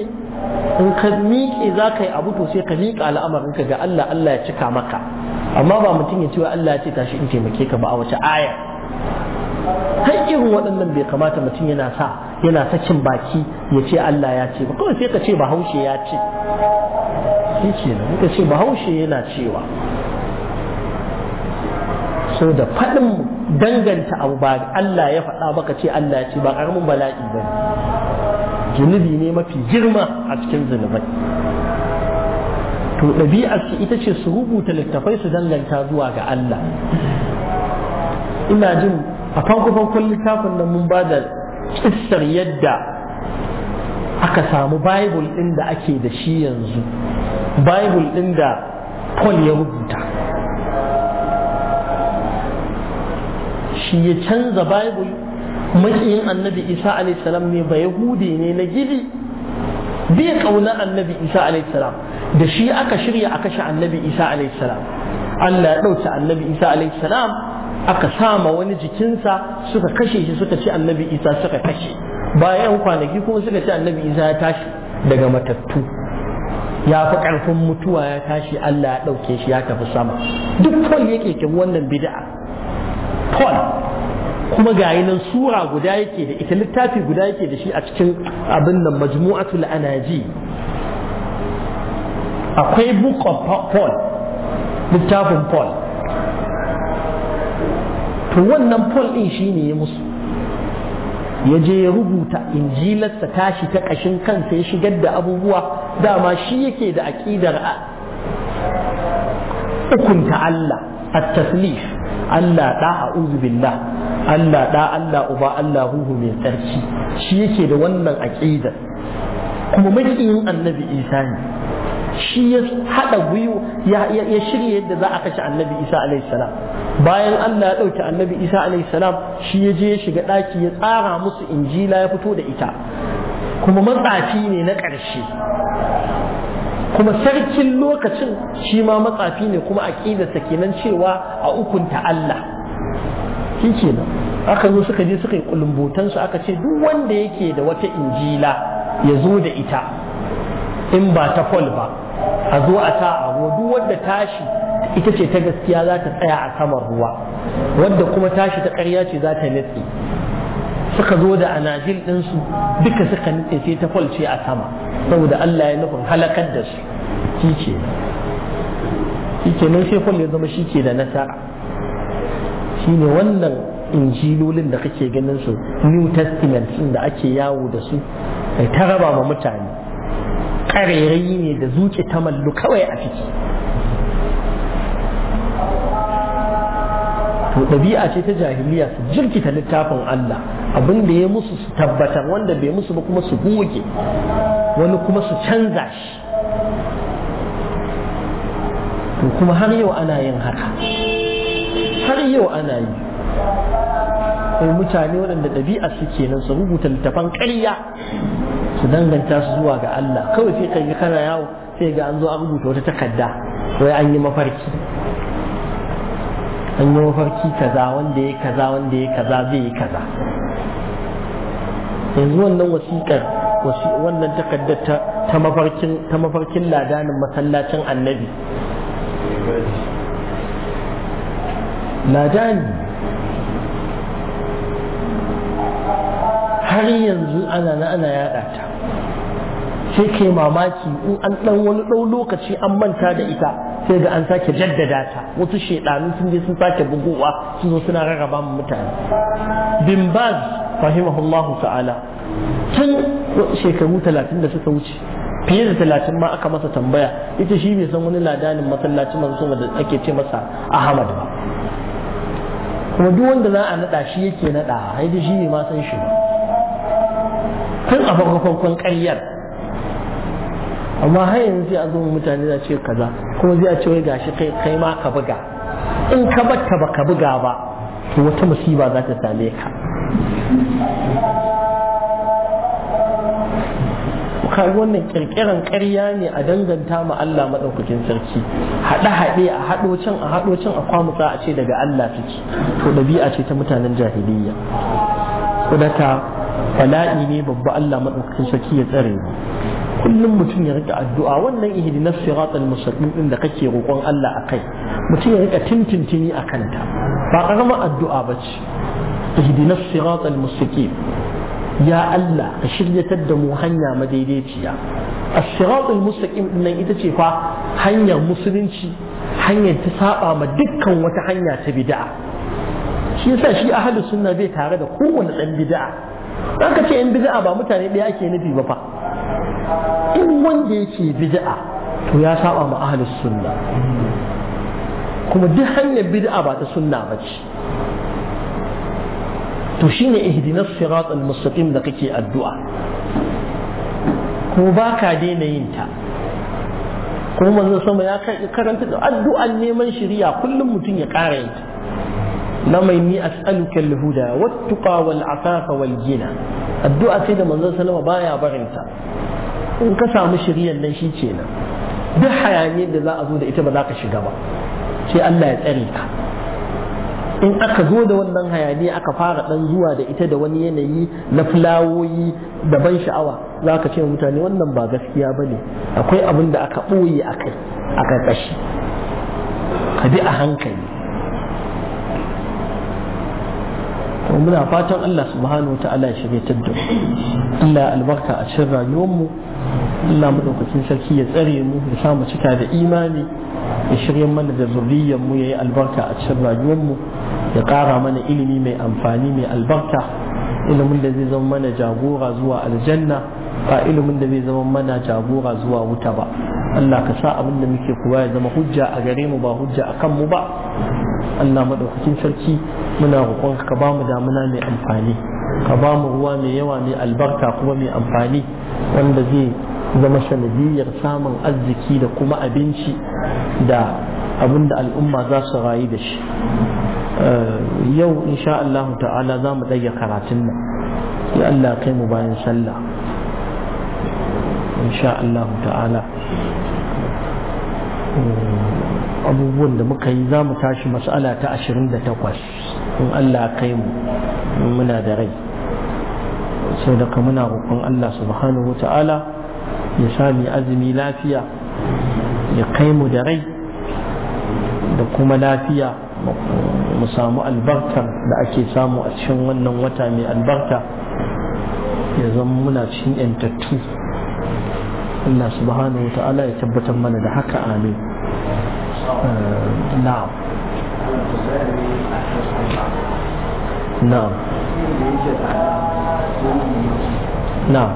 in ka miƙe za ka yi abu to sai ka miƙa al'amarin ka ga Allah Allah ya cika maka amma ba mutum ya ce wa Allah ya ce tashi in taimake ka ba a wace aya har irin waɗannan bai kamata mutum yana sa yana sakin baki ya ce Allah ya ce ba kawai sai ka ce bahaushe ya ce shi ke nan ka ce bahaushe yana cewa so da faɗin danganta abu ba Allah ya faɗa baka ce Allah ya ce ba ƙaramin bala'i ba zunubi ne mafi girma a cikin zunubai to ɗabi'arsu ita ce su rubuta littafai su danganta zuwa ga Allah ina jin a farko farkon littafin nan mun ba da kissar yadda aka samu bible ɗin da ake da shi yanzu bible ɗin da Paul ya rubuta shi ya canza bible makiyin annabi isa a.s. ne ba yahudi ne na gidi bai kauna annabi isa a.s. da shi aka shirya a kashe annabi isa a.s. allah ya ɗauki annabi isa a.s. aka sama wani jikinsa suka kashe shi suka ci annabi isa suka kashe bayan kwanaki kuma suka ci annabi isa ya tashi daga matattu ya fi ƙarfin mutuwa ya tashi Allah ya ɗauke shi ya tafi sama duk kawai yake keke wannan bida'a. Paul kuma gayi nan sura guda yake da ita littafi guda yake da shi a cikin abin nan majmu'atul anaji akwai book of paul littafin paul to wannan paul din shine ya musu ya je ya rubuta injilarsa tashi ta ƙashin kansa ya shigar da abubuwa dama shi yake da aƙidar hukunta Allah a taslif Allah da a'udhu billah Allah da Allah uba Allah huhu mai tsarki shi yake da wannan aƙida kuma makiyin annabi Isa ne shi ya haɗa gwiwa ya shirya yadda za a kashe annabi Isa alaihi bayan Allah ya ɗauki annabi Isa alaihi shi ya je ya shiga ɗaki ya tsara musu injila ya fito da ita kuma matsafi ne na ƙarshe kuma sarkin lokacin shi ma matsafi ne kuma aqidarsa kenan cewa a ukunta Allah shi kenan aka zo suka je suka yi kulumbotan aka ce duk wanda yake da wata injila ya zo da ita in ba ta Paul ba a zo a ta a duk wanda tashi ita ce ta gaskiya za ta tsaya a saman ruwa wadda kuma tashi ta ƙarya ce za ta nutse suka zo da anajil ɗinsu duka suka nitse sai ta kwalce a sama saboda Allah ya nufin halakar da su shi ke shi ke nan sai kwal ya zama shi ke da nasara shi ne wannan injilolin da kake ganin su new testament ɗin da ake yawo da su mai ta raba ma mutane ƙarairayi ne da zuke ta mallu kawai a ciki to ɗabi'a ce ta jahiliya su jirkita littafin Allah abin da ya musu su tabbatar wanda bai musu ba kuma su goge wani kuma su canza shi to kuma har yau ana yin haka har yau ana yi ko mutane waɗanda ɗabi'a suke nan su rubuta littafan ƙarya su danganta su zuwa ga Allah kawai sai ka kana yawo sai ga an zo an rubuta wata takarda sai an yi mafarki an yi mafarki kaza wanda ya kaza wanda ya kaza zai yi kaza yanzu wannan wasiƙar wannan takardar ta mafarkin ta mafarkin ladanin masallacin annabi ladani har yanzu ana na ana yaɗa ta sai kai mamaki in an ɗan wani ɗau lokaci an manta da ita sai ga an sake jaddada ta wasu shaidanu sun je sun sake buguwa su zo suna rarraba mu mutane bin baz rahimahullahu ta'ala tun shekaru talatin da suka wuce fiye da talatin ma aka masa tambaya ita shi bai san wani ladanin masallacin manzo da ake ce masa ahmad ba kuma duk wanda za a naɗa shi yake naɗa haidu shi ne ma san shi tun a farkon ƙaryar amma har yanzu sai a zo mutane za ce kaza kuma zai ce wai gashi kai kai ma ka buga in ka batta baka buga ba to wata musiba za ta same ka kai wannan kirkiran ƙarya ne a danganta ma Allah maɗaukakin sarki haɗe haɗe a haɗo can a haɗo can a a ce daga Allah take to ɗabi'a ce ta mutanen jahiliyya kudata daga bala'i ne babba Allah maɗaukakin sarki ya tsare mu kullum mutum ya rika addu'a wannan ihdina siratal mustaqim din da kake roƙon Allah akai mutum ya rika tintintini a kanta ba karama addu'a bace ihdina siratal mustaqim ya Allah ka shiryatar da mu hanya madaidaiciya as-siratal mustaqim din nan ita ce fa hanyar musulunci hanyar ta saba ma dukkan wata hanya ta bid'a shi yasa shi ahlus sunna bai tare da kowane dan bid'a zaka ce in bid'a ba mutane ɗaya ake nufi ba fa in wanda yake bid'a to ya saba ma ahlus sunna kuma duk hanyar bid'a ba ta sunna ba ce to ne ihdinas siratal mustaqim da kake addu'a ko ba ka daina yin ta ko manzon sama ya karanta da addu'an neman shiriya kullum mutum ya ƙara yin ta na mai ni as'aluka al-huda wat-tuqa wal-afafa wal-ghina addu'a ce da manzon sallama baya barinta in ka samu shiryan nan shi ce nan duk hayaniyar da za a zo da ita ba za ka shiga ba sai Allah ya tsare ka in aka zo da wannan hayaniya aka fara dan zuwa da ita da wani yanayi na fulawoyi da ban sha'awa za ka ce mutane wannan ba gaskiya ba ne akwai abin da aka ɓoye a kai a ƙarƙashi ka bi a hankali to muna fatan Allah subhanahu wa ta'ala ya shirye ta Allah albarka a cikin rayuwarmu Allah madaukakin sarki ya tsare mu ya samu cika da imani ya shirya mana da zuriyar mu yayi albarka a cikin rayuwar mu ya ƙara mana ilimi mai amfani mai albarka ilimin da zai zama mana jagora zuwa aljanna ba ilimin da zai zama mana jagora zuwa wuta ba Allah ka sa abin da muke kuwa ya zama hujja a gare mu ba hujja a kan mu ba Allah madaukakin sarki muna roƙon ka ba mu damuna mai amfani ka ba mu ruwa mai yawa mai albarka kuma mai amfani wanda zai zama sanadiyar samun arziki da kuma abinci da abin da al'umma za su rayu da shi eh, yau insha Allah ta'ala za mu ɗage karatun nan ya Allah kai mu bayan sallah insha Allah ta'ala hmm, abubuwan da muka yi za mu tashi mas'ala ta 28 in Allah kai mu muna da rai sau daga muna roƙon Allah subhanahu wa ta'ala ya sami azumi lafiya ya kai mu da rai da kuma lafiya mu samu albarkar da ake samu a cikin wannan wata mai albarka ya zama muna cikin yantattu Allah subhanahu wa ta'ala ya tabbatar mana da haka amin na'am na'am na'am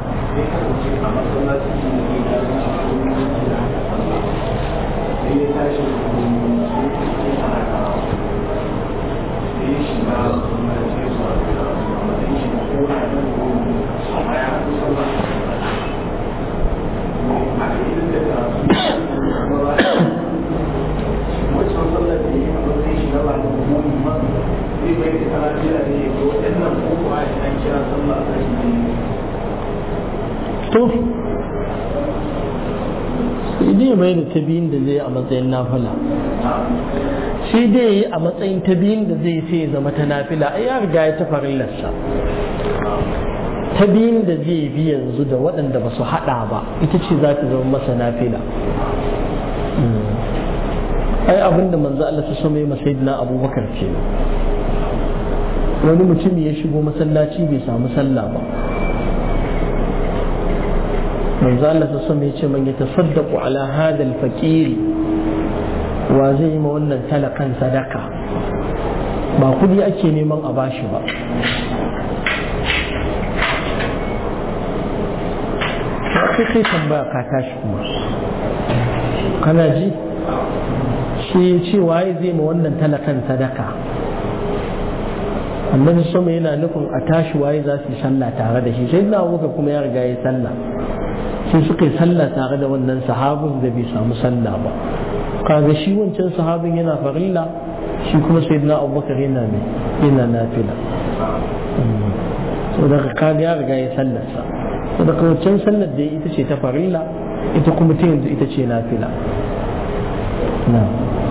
Thank to sai dai mai da da zai a matsayin nafila dai yi a matsayin ta biyun da zai sai zama ta nafila a ya riga ya tafa rillarsa ta biyun da zai bi yanzu da waɗanda ba su haɗa ba ita ce za ta zama masa nafila ai abinda manzo Allah ta so mai masayidina abubakar ce wani mutum ya shigo masallaci bai samu sallah ba manzo Allah ta so ce man ya tasaddaqu ala hada al wa zai ma wannan talakan sadaka ba kudi ake neman a bashi ba sai kai tambaya ka tashi kuma kana ji shi cewa ya zai ma wannan talakan sadaka annabi sama yana nufin a tashi waye za su yi sallah tare da shi sai na abuka kuma ya riga ya sallah sai suka yi sallah tare da wannan sahabin da bai samu sallah ba kaga shi wancan sahabin yana farilla shi kuma sai na abubakar yana mai yana nafila so daga kaga ya riga ya sa so daga wancan sallar da ita ce ta farilla ita kuma ta yanzu ita ce nafila na'am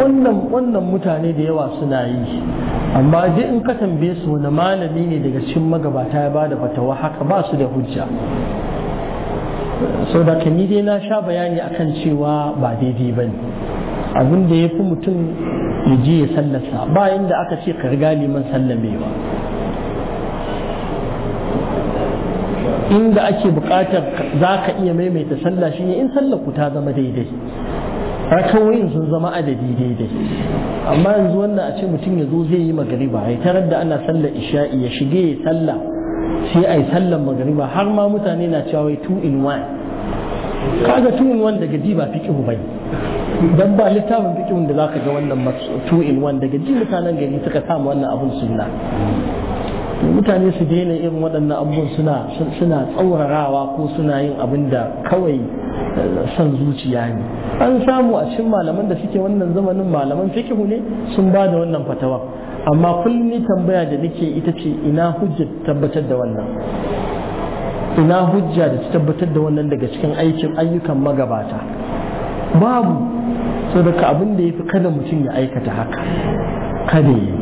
wannan wannan mutane da yawa suna yi amma je in ka tambaye su wani malami ne daga cikin magabata ya bada fatawa haka ba su da hujja sau da ni dai na sha bayani akan cewa ba daidai ba ne abin da ya fi mutum ya je ya sallasa bayan da aka ce ka riga liman sallamewa inda ake bukatar za ka iya maimaita sallah shine in sallar ku ta zama daidai rakawoyin sun zama adadi daidai amma yanzu wanda a ce mutum ya zo zai yi magariba ya tarar da ana sallar isha'i ya shige ya sallah sai a yi sallar magariba har ma mutane na cewa wai two in one kaga two in one daga ji ba fiqhu bane dan ba littafin fiqhun da zaka ga wannan two in one daga ji mutanen gari suka samu wannan abun sunna mutane su daina irin waɗannan abubuwan suna suna tsaurarawa ko suna yin abin da kawai eh, son zuciya ne an samu a cikin malaman da suke wannan zamanin malaman fikihu ne sun ba da wannan fatawa amma kullum tambaya da nake ita ce ina hujja tabbatar da wannan ina hujja da tabbatar da wannan daga cikin aikin ayyukan magabata babu saboda abin da ya fi kada mutum ya aikata haka kada yi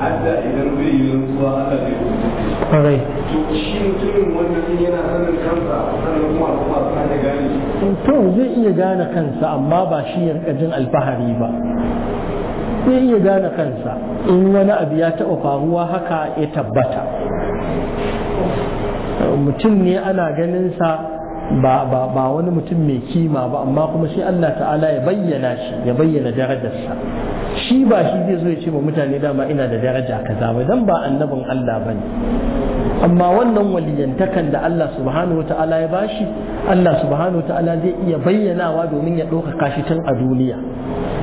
hatta idan bai yi rantsuwa Allah zai kuma to shi mutumin wanda sun yana sanin kansa sannan kuma al'umma suna da gane to zai iya gane kansa amma ba shi ya rika jin alfahari ba zai iya gane kansa in wani abu ya taɓa faruwa haka ya tabbata mutum ne ana ganin sa ba wani mutum mai kima ba amma kuma sai Allah ta'ala ya bayyana shi ya bayyana darajarsa shi ba shi zai zo ya ce ma mutane dama ina da daraja kaza ba dan ba annabin Allah bane amma wannan waliyantakan da Allah subhanahu ya bashi Allah subhanahu zai iya bayyanawa domin ya ɗaukaka shi tun a duniya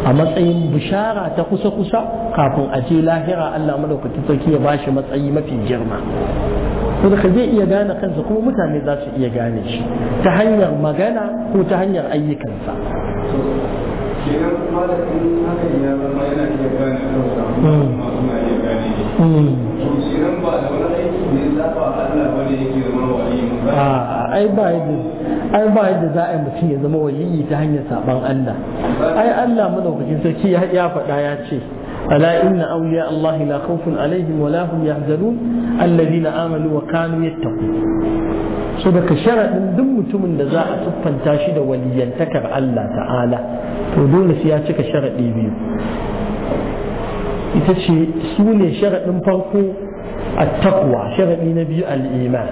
a matsayin bishara ta kusa-kusa kafin a je lahira Allah madaukakin sarki ya bashi matsayi mafi girma saboda zai iya gane kansa kuma mutane za su iya gane shi ta hanyar magana ko ta hanyar ayyukansa ai ba ai ba yadda za a yi mutum ya zama waliyi ta hanyar saban Allah ai Allah madaukakin sarki ya faɗa ya ce ألا إن أولياء الله لا خوف عليهم ولا هم يحزنون wa آمنوا وكانوا So daga sharaɗin duk mutumin da za a tuffanta shi da waliyantakar Allah ta'ala to dole sai ya cika sharaɗi biyu ita ce su ne sharaɗin farko a takwa sharaɗi na biyu al'ima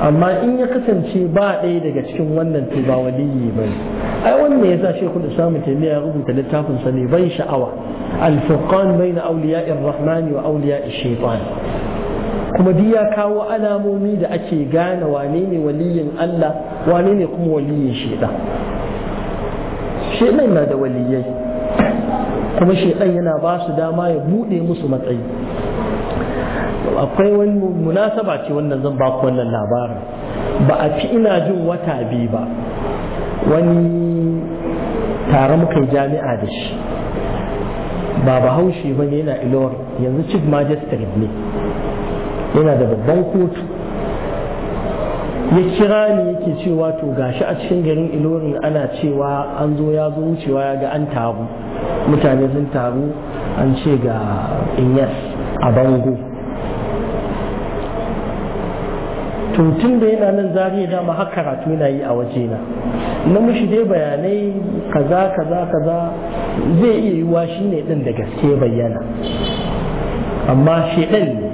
amma in ya kasance ba ɗaya daga cikin wannan to ba waliyi ba ai wannan ya sa shekul samu taimiyya ya rubuta littafin sa ne ban sha'awa al-furqan bayna awliya'ir rahmani wa in shaytan kuma duk ya kawo alamomi da ake gane wane ne waliyin Allah wane ne kuma waliyin shaidan shaidan na da waliyai kuma shaidan yana ba su dama ya buɗe musu matsayi akwai wani munasaba ce wannan zan baku wannan labarin ba a fi ina jin wata biyu ba wani tare muka jami'a da shi ba bahaushe ba ne yana ilowar yanzu chief magistrate ne yana da babban kotu ya kira ni yake cewa to gashi a cikin garin ilorin ana cewa an zo ya zo wucewa ya ga an taru mutane sun taru an ce ga inyas a bango tuntun da yana nan zariya dama har karatu yana yi a wajena na mushi dai bayanai kaza kaza kaza zai iya yiwa shi ne ɗin da gaske bayyana amma shedan ne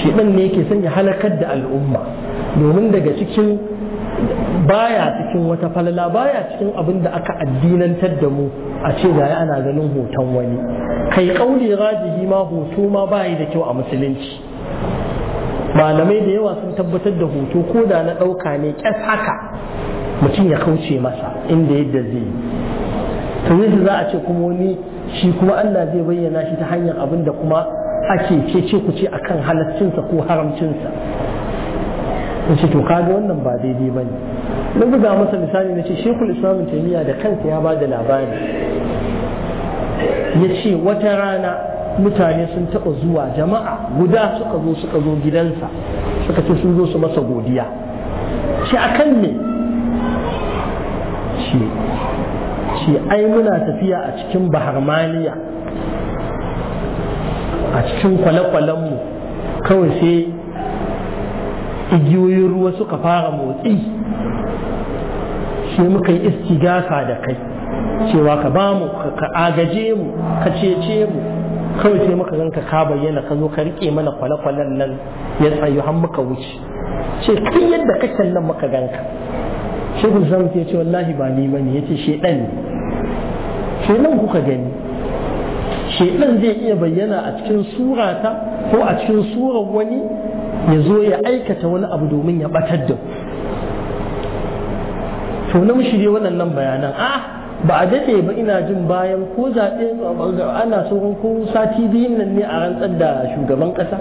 shedan ne yake son ya halakar da al'umma domin daga cikin baya cikin wata falala baya cikin abin da aka addinantar da mu a ce ga ana ganin hoton wani kai kauli rajihi ma hoto ma bayi da kyau a musulunci malamai da yawa sun tabbatar da hoto ko da na ɗauka ne ƙyas haka mutum ya kauce masa inda yadda zai yi to yadda za a ce kuma wani shi kuma Allah zai bayyana shi ta hanyar abin da kuma ake ce ku ce akan halaccinsa ko haramcinsa ce to kaga wannan ba daidai ba ne. na buga masa misali na ce shekul islamun taimiyya da kansa ya ba da labari ya ce wata rana mutane sun taɓa zuwa jama'a guda suka zo suka zo gidansa suka ce sun zo su masa godiya shi akan me shi shi ai muna tafiya a cikin baharmaniya a cikin kwale-kwalenmu kawai sai igiyoyin ruwa suka fara motsi sai muka yi istigasa da kai cewa ka ba mu ka agaje mu ka cece mu kawai sai muka ganka ka bayyana ka zo ka rike mana kwale-kwalen nan ya tsayu har muka wuce ce kai yadda ka nan muka ganka shekul zan ya ce wallahi ba ni bane ya ce shedan ne nan kuka gani shedan zai iya bayyana a cikin surata ko a cikin surar wani ya zo ya aikata wani abu domin ya batar da to na wannan waɗannan bayanan ah ba a daɗe ba ina jin bayan ko zaɓe ana tsohon ko sati biyun nan ne a rantsar da shugaban ƙasa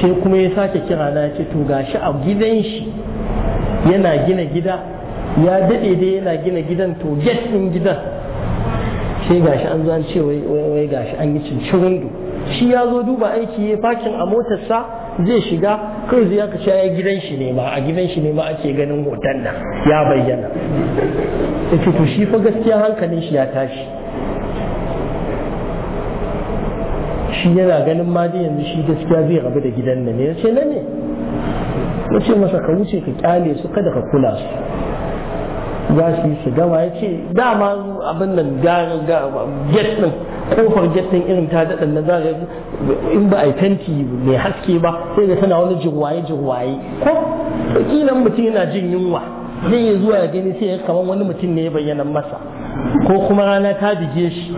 sai kuma ya sake kira na ce to gashi a gidan shi yana gina gida ya daɗe dai yana gina gidan to get in gidan sai gashi an zuwa ce wai gashi an yi cincirin shi ya zo duba aiki ya fakin a motarsa zai shiga kai zai ka shaya gidan shi ne ma a gidan shi ne ma ake ganin hoton nan ya bayyana ya to shi fa gaskiya hankalin shi ya tashi shi yana ganin ma dai yanzu shi gaskiya zai rabu da gidan nan ya ce nan ne ya ce masa ka wuce ka kyale su kada ka kula su za su su gama ya ce dama abin nan get din kofar gettin irin ta daɗa na za in ba a yi fenti mai haske ba sai ga tana wani jirwaye jirwaye ko kilan mutum yana jin yunwa zai iya zuwa ya gani sai ya kamar wani mutum ne ya bayyana masa ko kuma rana ta bige shi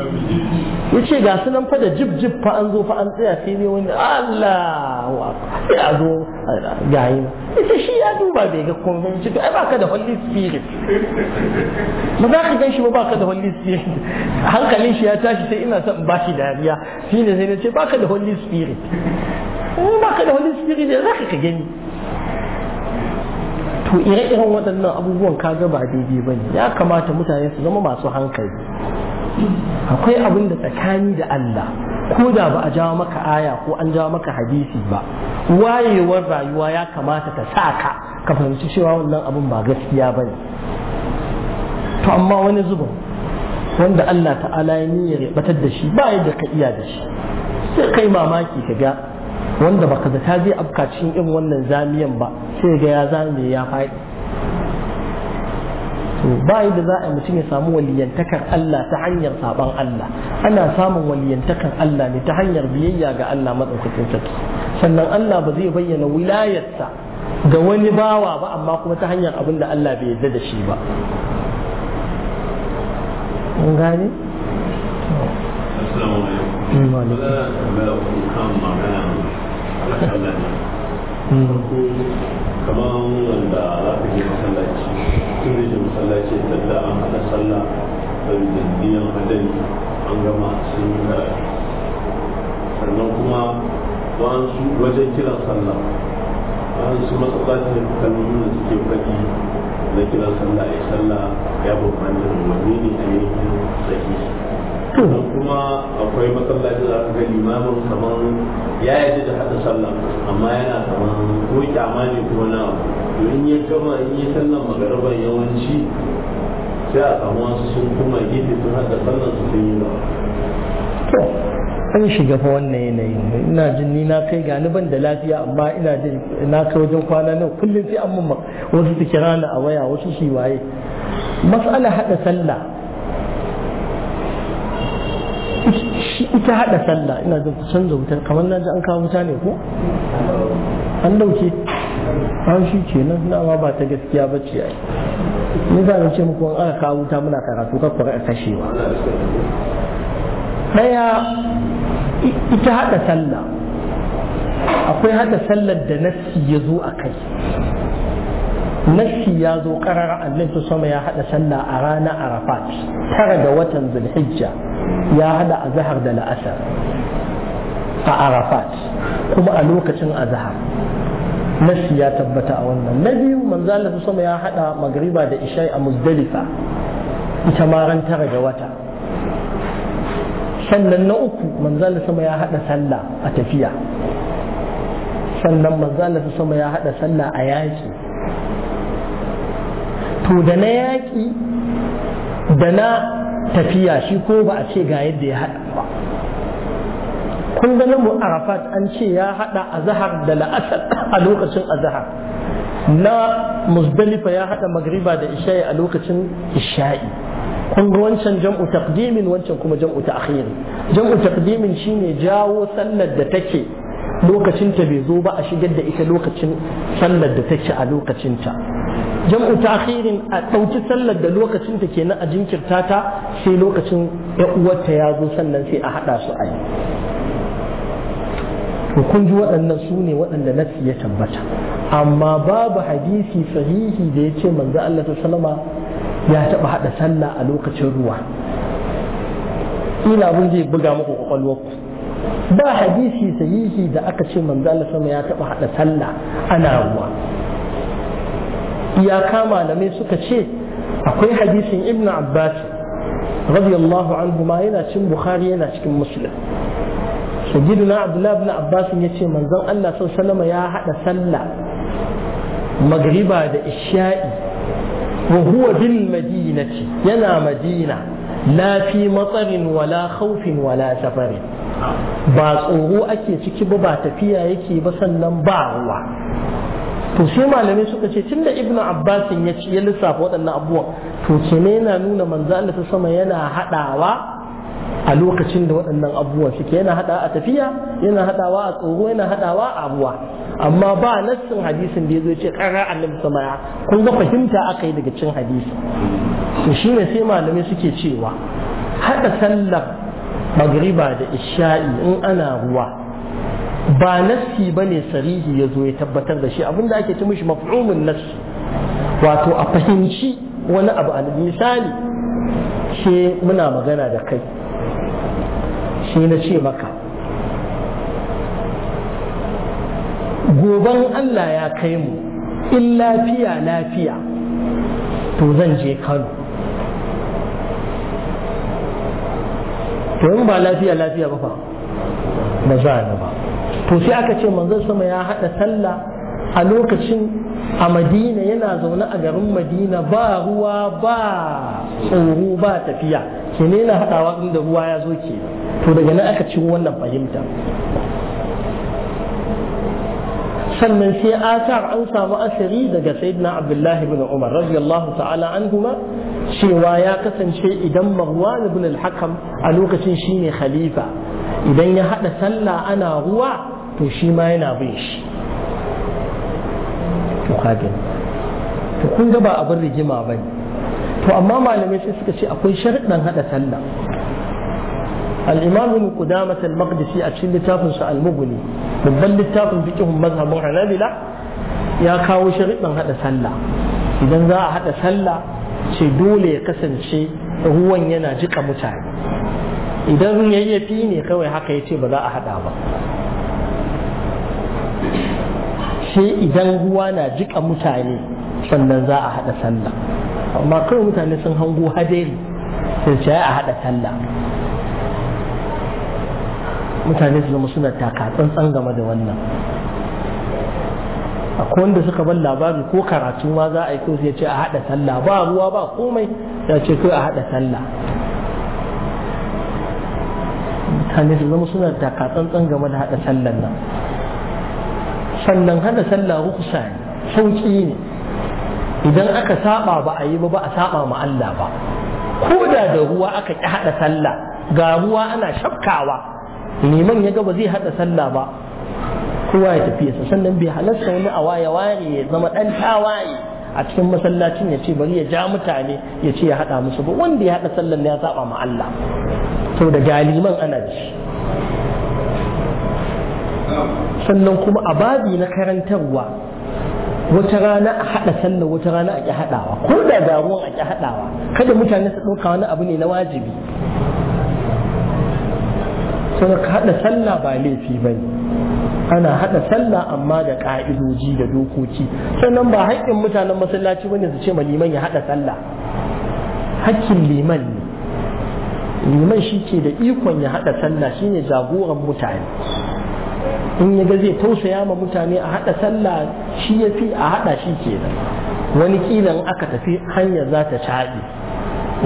ya ce ga sunan fa da jib jib fa an zo fa an tsaya sai ne wani Allah wa sai a zo ga yi ita shi ya duba bai ga kuma ci ai baka da holy spirit ba za ka gan shi ba baka da holy spirit hankalin shi ya tashi sai ina son ba shi dariya shine sai na ce baka da holy spirit ko eh, baka da holy spirit ne za ka gani to ire-iren waɗannan abubuwan ka kaga ba daidai ba ne ya kamata mutane su zama masu hankali akwai abin da tsakani da Allah ko da ba a jawo maka aya ko an jawo maka hadisi ba wayewar rayuwa ya kamata ta sa ka ka fahimci cewa wannan abin ba gaskiya ba ne to amma wani zuba wanda Allah ta'ala ya niyyar batar da shi ba yadda ka iya da shi sai kai mamaki ka ga wanda baka zata zai abuka cikin irin wannan zamiyan ba sai ga ya zame ya faɗi to ba yadda za a mutum ya samu waliyantakar Allah ta hanyar saban Allah ana samun waliyantakar Allah ne ta hanyar biyayya ga Allah madaukakin sarki sannan Allah ba zai bayyana wilayarsa ga wani bawa ba amma kuma ta hanyar abin da Allah bai yarda da shi ba gane? kamar wanda za ka je masallaci tun da je masallaci ya tadda an haɗa sallah da biyan hadari an gama sun yi sannan kuma wasu wajen kiran sallah wasu masallacin kalmomin da suke faɗi na kiran sallah ya sallah ya bambanta da wani ne a yankin sahihi kuma akwai masallaci da aka ga limamin kamar ya yaji da hada sallah amma yana kamar ko kyama ne ko na to in ya gama in yi sallan magaraban yawanci sai a samu wasu sun kuma gefe sun hada sallan su sun yi ba to an shiga fa wannan yanayi ina jin ni na kai gani ban da lafiya amma ina jin na kai wajen kwana nan kullum sai an mun wasu su kira ni a waya wasu shi waye mas'ala hada sallah ta haɗa sallah ina da ku canza wutar kamar na ji an kawo wuta ne ko an ɗauke an shi ke nan dama ba ta gaskiya ba ce ai ni za ce muku an aka kawo wuta muna karatu kar ku rika kashewa ɗaya ita haɗa sallah akwai haɗa sallar da nassi ya zo a kai nassi ya zo ƙarar annabi sama ya haɗa sallah a ranar arafat tara da watan zulhijja ya hada azhar da la'asar a arafat kuma a lokacin azhar nasi ya tabbata a wannan na biyu manzo Allah sama ya hada magriba da isha'i a muzdalifa ita ma tara da wata sannan na uku manzo sama ya hada sallah a tafiya sannan manzo sama ya hada sallah a yaki to da na yaki da na tafiya shi ko ba a ce ga yadda ya haɗa ba kun ga nan arafat an ce ya haɗa azahar da la'asar a lokacin azahar na muzdalifa ya haɗa magriba da isha'i a lokacin isha'i kun ga wancan jam'u taqdimin wancan kuma jam'u ta'khir jam'u taqdimin shine jawo sallar da take lokacinta bai zo ba a shigar da ita lokacin sallar da ta ci a lokacinta jam'u ta'khirin a ɗauki sallar da lokacinta kenan a jinkirta ta sai lokacin ya uwarta ya zo sannan sai a haɗa su a yi kun ji waɗannan su ne waɗanda na siya tabbata amma babu hadisi sahihi da ya ce manzo Allah ta salama ya taɓa haɗa sallah a lokacin ruwa ina abin zai buga muku kwakwalwarku ba hadisi sahihi da aka ce manzo Allah sama ya taba hada sallah ana ruwa iyaka malamai suka ce akwai hadisin ibn abbas radiyallahu anhu ma yana cikin bukhari yana cikin muslim sayyidina abdullah ibn abbas ya ce manzon Allah sallallahu ya hada sallah magriba da isha'i wa huwa bil madinati yana madina la fi matarin wala khawfin wala safarin ba tsoro ake ciki ba ba tafiya yake ba sannan ba ruwa to sai malamai suka ce tunda ibnu abbas ya ci ya lissafa waɗannan abubuwan to ne yana nuna manzo Allah ta sama yana hadawa a lokacin da waɗannan abubuwan suke yana hadawa a tafiya yana hadawa a tsoro yana hadawa a abuwa amma ba nassin hadisin da ya zo ce qara annabi sama ya kun ga fahimta aka yi daga cin hadisi to shine sai malamai suke cewa hada sallar magriba da isha'i in ana ruwa ba nassi ba ne sarihi ya zo ya tabbatar da shi abinda ake ci mishi maf'umin nassi wato a fahimci wani abu a misali ce muna magana da kai shi na ce maka goban Allah ya kai mu in lafiya lafiya to zan je Kano to in ba lafiya lafiya ba fa ba za a ba to sai aka ce manzon sama ya haɗa talla a lokacin a madina yana zaune a garin madina ba ruwa ba tsoro ba tafiya ke ne na haɗawa inda ruwa ya zo ke to daga nan aka ci wannan fahimta sannan sai atar an samu asiri daga sayyidina abdullahi bin umar radiyallahu ta'ala an kuma. cewa ya kasance idan marwan ibn al-hakam a lokacin shine khalifa idan ya hada sallah ana ruwa to shi ma yana bin shi to kage to kun ga ba abin rigima bane to amma malamai sai suka ce akwai sharuɗan hada sallah al-imam ibn qudamah al-maqdisi a cikin littafinsa al-mughni babban littafin fikihun mazhabin hanabila ya kawo sharuɗin haɗa sallah idan za a haɗa sallah ce dole ya kasance ruwan yana jika mutane idan yayyafi ne kawai haka ya ce ba za a haɗa ba sai idan ruwa na jika mutane sannan za a haɗa sallah amma kawai mutane sun hango hadari sai ce a haɗa sallah mutane su zama suna taka tsantsan game da wannan akwai wanda suka bar labari ko karatu ma za a yi ko sai ce a haɗa sallah ba ruwa ba komai ya ce kai a haɗa sallah mutane su zama suna taka tsantsan game da haɗa sallan nan sannan haɗa sallah rukusa ne sauƙi ne idan aka saba ba a yi ba ba a saba ma Allah ba ko da da ruwa aka ƙi haɗa sallah ga ruwa ana shafkawa liman ya ga ba zai haɗa sallah ba kowa ya tafi sa sannan bai halasta wani a waye waye ya zama ɗan tawaye a cikin masallacin ya ce bari ya ja mutane ya ce ya hada musu ba wanda ya hada sallan ya saba ma Allah to da galiman ana ji. sannan kuma a babi na karantarwa wata rana a haɗa sallah wata rana a ƙi haɗawa ko da garuwan ruwan a ƙi haɗawa kada mutane su ɗauka wani abu ne na wajibi sai haɗa sallah ba laifi ba ne ana haɗa sallah amma da ƙa'idoji da dokoki sannan ba haƙƙin mutanen masallaci ba ne su ce ma liman ya haɗa sallah haƙƙin liman ne liman shi ke da ikon ya haɗa sallah shi ne jagoran mutane in ya ga zai tausaya ma mutane a haɗa sallah shi ya fi a haɗa shi ke da wani kilan aka tafi hanyar za ta caɗe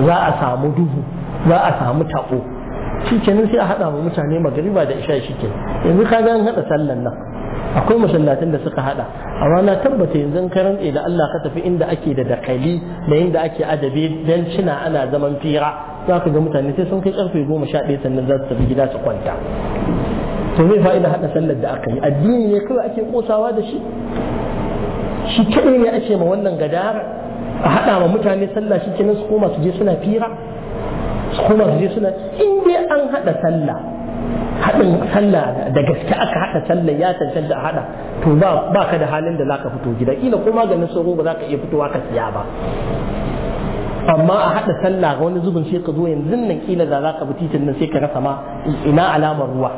za a samu duhu za a samu taɓo shi kenan sai a haɗa wa mutane magariba da isha shi kenan yanzu ka an haɗa sallan nan akwai masallatan da suka haɗa amma na tabbata yanzu in karan da Allah ka tafi inda ake da dakali da inda ake adabi dan cina ana zaman fira za ka ga mutane sai sun kai karfe goma sha ɗaya sannan za su tafi gida su kwanta to me fa'ida haɗa sallar da aka yi addini ne kawai ake kosawa da shi shi kaɗai ne ake ma wannan gadara a haɗa wa mutane sallah shi kenan su koma su je suna fira su kuma su je suna in dai an haɗa sallah haɗin sallah da gaske aka haɗa sallah ya cancanta a haɗa to ba ka da halin da zaka fito gida kila ko maganin sauro ba za ka iya fitowa ka siya ba amma a haɗa sallah ga wani zubin sai ka zo yanzu nan kila za ka bi titin nan sai ka rasa ma ina alamar ruwa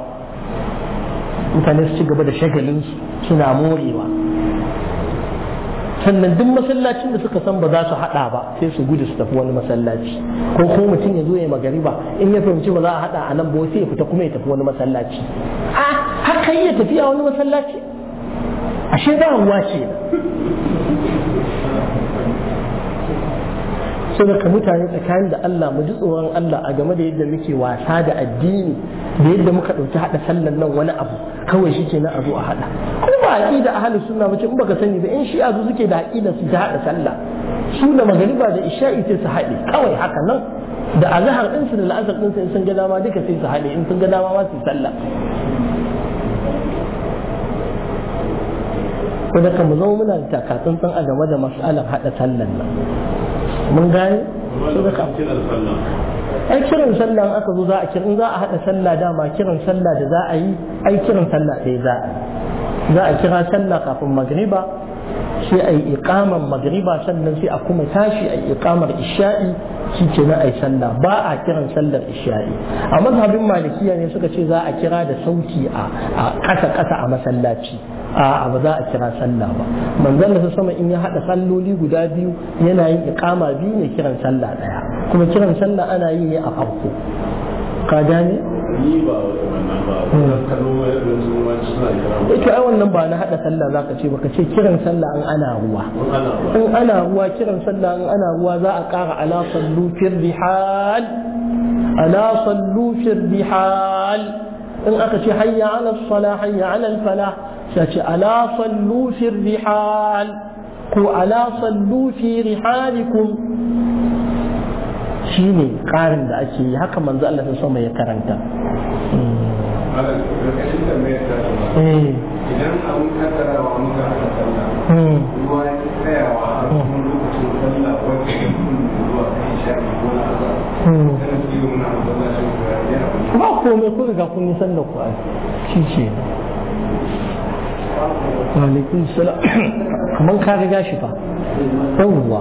mutane su ci gaba da shagalin suna morewa sannan duk masallacin da suka san ba za su haɗa ba sai su gudu su tafi wani masallaci ko ko mutum ya zo ya ba, in ya fahimci ba za a haɗa a nan ba sai ya fita kuma ya tafi wani masallaci a haka ya tafiya wani masallaci ashe za a wace so daga mutane tsakanin da Allah mu ji tsoron Allah a game da yadda muke wasa da addini da yadda muka ɗauki haɗa sallan nan wani abu kawai shi ke na a zo a haɗa kuma ba aƙida a halin suna mace in baka sani ba in shi zo suke da aƙida su ta haɗa sallah su da magariba da isha'i sai su haɗe kawai haka nan da azahar ɗinsu da la'asar ɗinsu in sun ga dama duka sai su haɗe in sun ga dama ma su sallah ko da mu zama muna da takatsantsan a game da mas'alar haɗa sallan nan mun gane ai kiran sallah aka zo za a kiran za a hada sallah dama kiran sallah da za a yi ai kiran sallah sai za a za a kira sallah kafin magriba sai a yi iqamar magriba sannan sai a kuma tashi a yi iqamar isha'i shi ke na a sallah ba a kiran sallar isha'i a mazhabin malikiya ne suka ce za a kira da sauti a ƙasa ƙasa a masallaci a ba za a kira sallah ba manzon da sama in ya haɗa salloli guda biyu yana yin ikama biyu ne kiran sallah ɗaya kuma kiran sallah ana yi ne a farko ka gane to ai wannan ba na hada sallah za ka ce ba ka ce kiran sallah an ana ruwa in ana ruwa kiran sallah an ana ruwa za a kara ala sallu fir rihal ala sallu fir rihal in aka ce hayya ala sala hayya ala falah sai ce ala sallu fir rihal ko ala sallu fi rihalikum shine ƙarin da ake yi haka manzo Allah sun sama ya karanta eh. idan abun kaddarawa muka aka sallah hmm. ruwa ya tsayawa a hmm. cikin lokacin sallah wanda ya kuma zuwa kan shafi ko na azar kana hmm. cikin muna masallacin ko ya ba komai ko ga kun san da ku shi ce alaikun salam kamar ka riga shi fa yawwa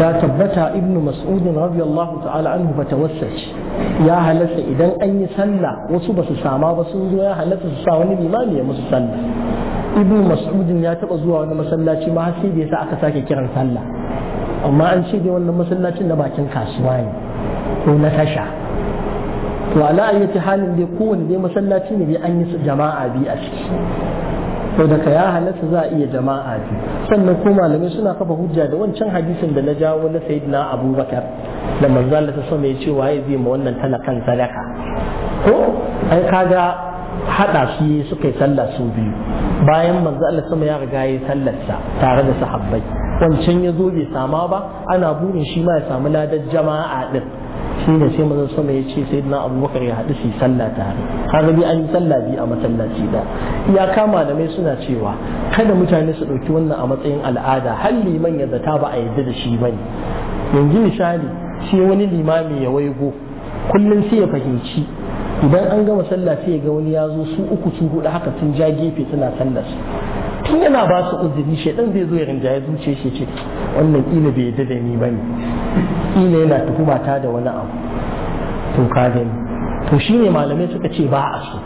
ya tabbata ibnu mas'udin radiyallahu ta'ala anhu fatawassa ya halatta idan an yi sallah wasu basu sama ba sun zo ya halatta su sa wani limami ya musu sallah ibnu mas'udin ya taba zuwa wani masallaci ma sai da yasa aka sake kiran sallah amma an ce dai wannan masallacin na bakin kasuwa ne ko na tasha to ala ayyati halin dai kowanne dai masallaci ne dai an yi jama'a bi a ciki ko daga ya halatta za a iya jama'a ce sannan ko malamai suna kafa hujja da wancan hadisin da na jawo na na abubakar da manzo Allah ta so mai cewa ya zai ma wannan talakan sadaka ko ai kaga hada shi suka yi sallah su biyu bayan manzo Allah sama ya riga ya sallarsa tare da sahabbai wancan ya zo bai sama ba ana burin shi ma ya samu ladar jama'a din shi ne sai mazan sama ya ce sai na abubakar ya haɗu su sallah tare har bi an yi sallah biyu a masallaci da iyaka malamai suna cewa kada mutane su ɗauki wannan a matsayin al'ada har liman ya zata ba a yadda da shi ba ne. yanzu misali sai wani limami ya waigo kullum sai ya fahimci idan an gama sallah sai ya ga wani ya zo su uku su hudu haka sun ja gefe suna sallar tun yana ba su uzuri shaidan zai zo ya rinjaye zuce shi ce wannan Ina bai yadda da ni ba ne Ina yana tuhuma da wani abu to ka gani to shine malamai suka ce ba a so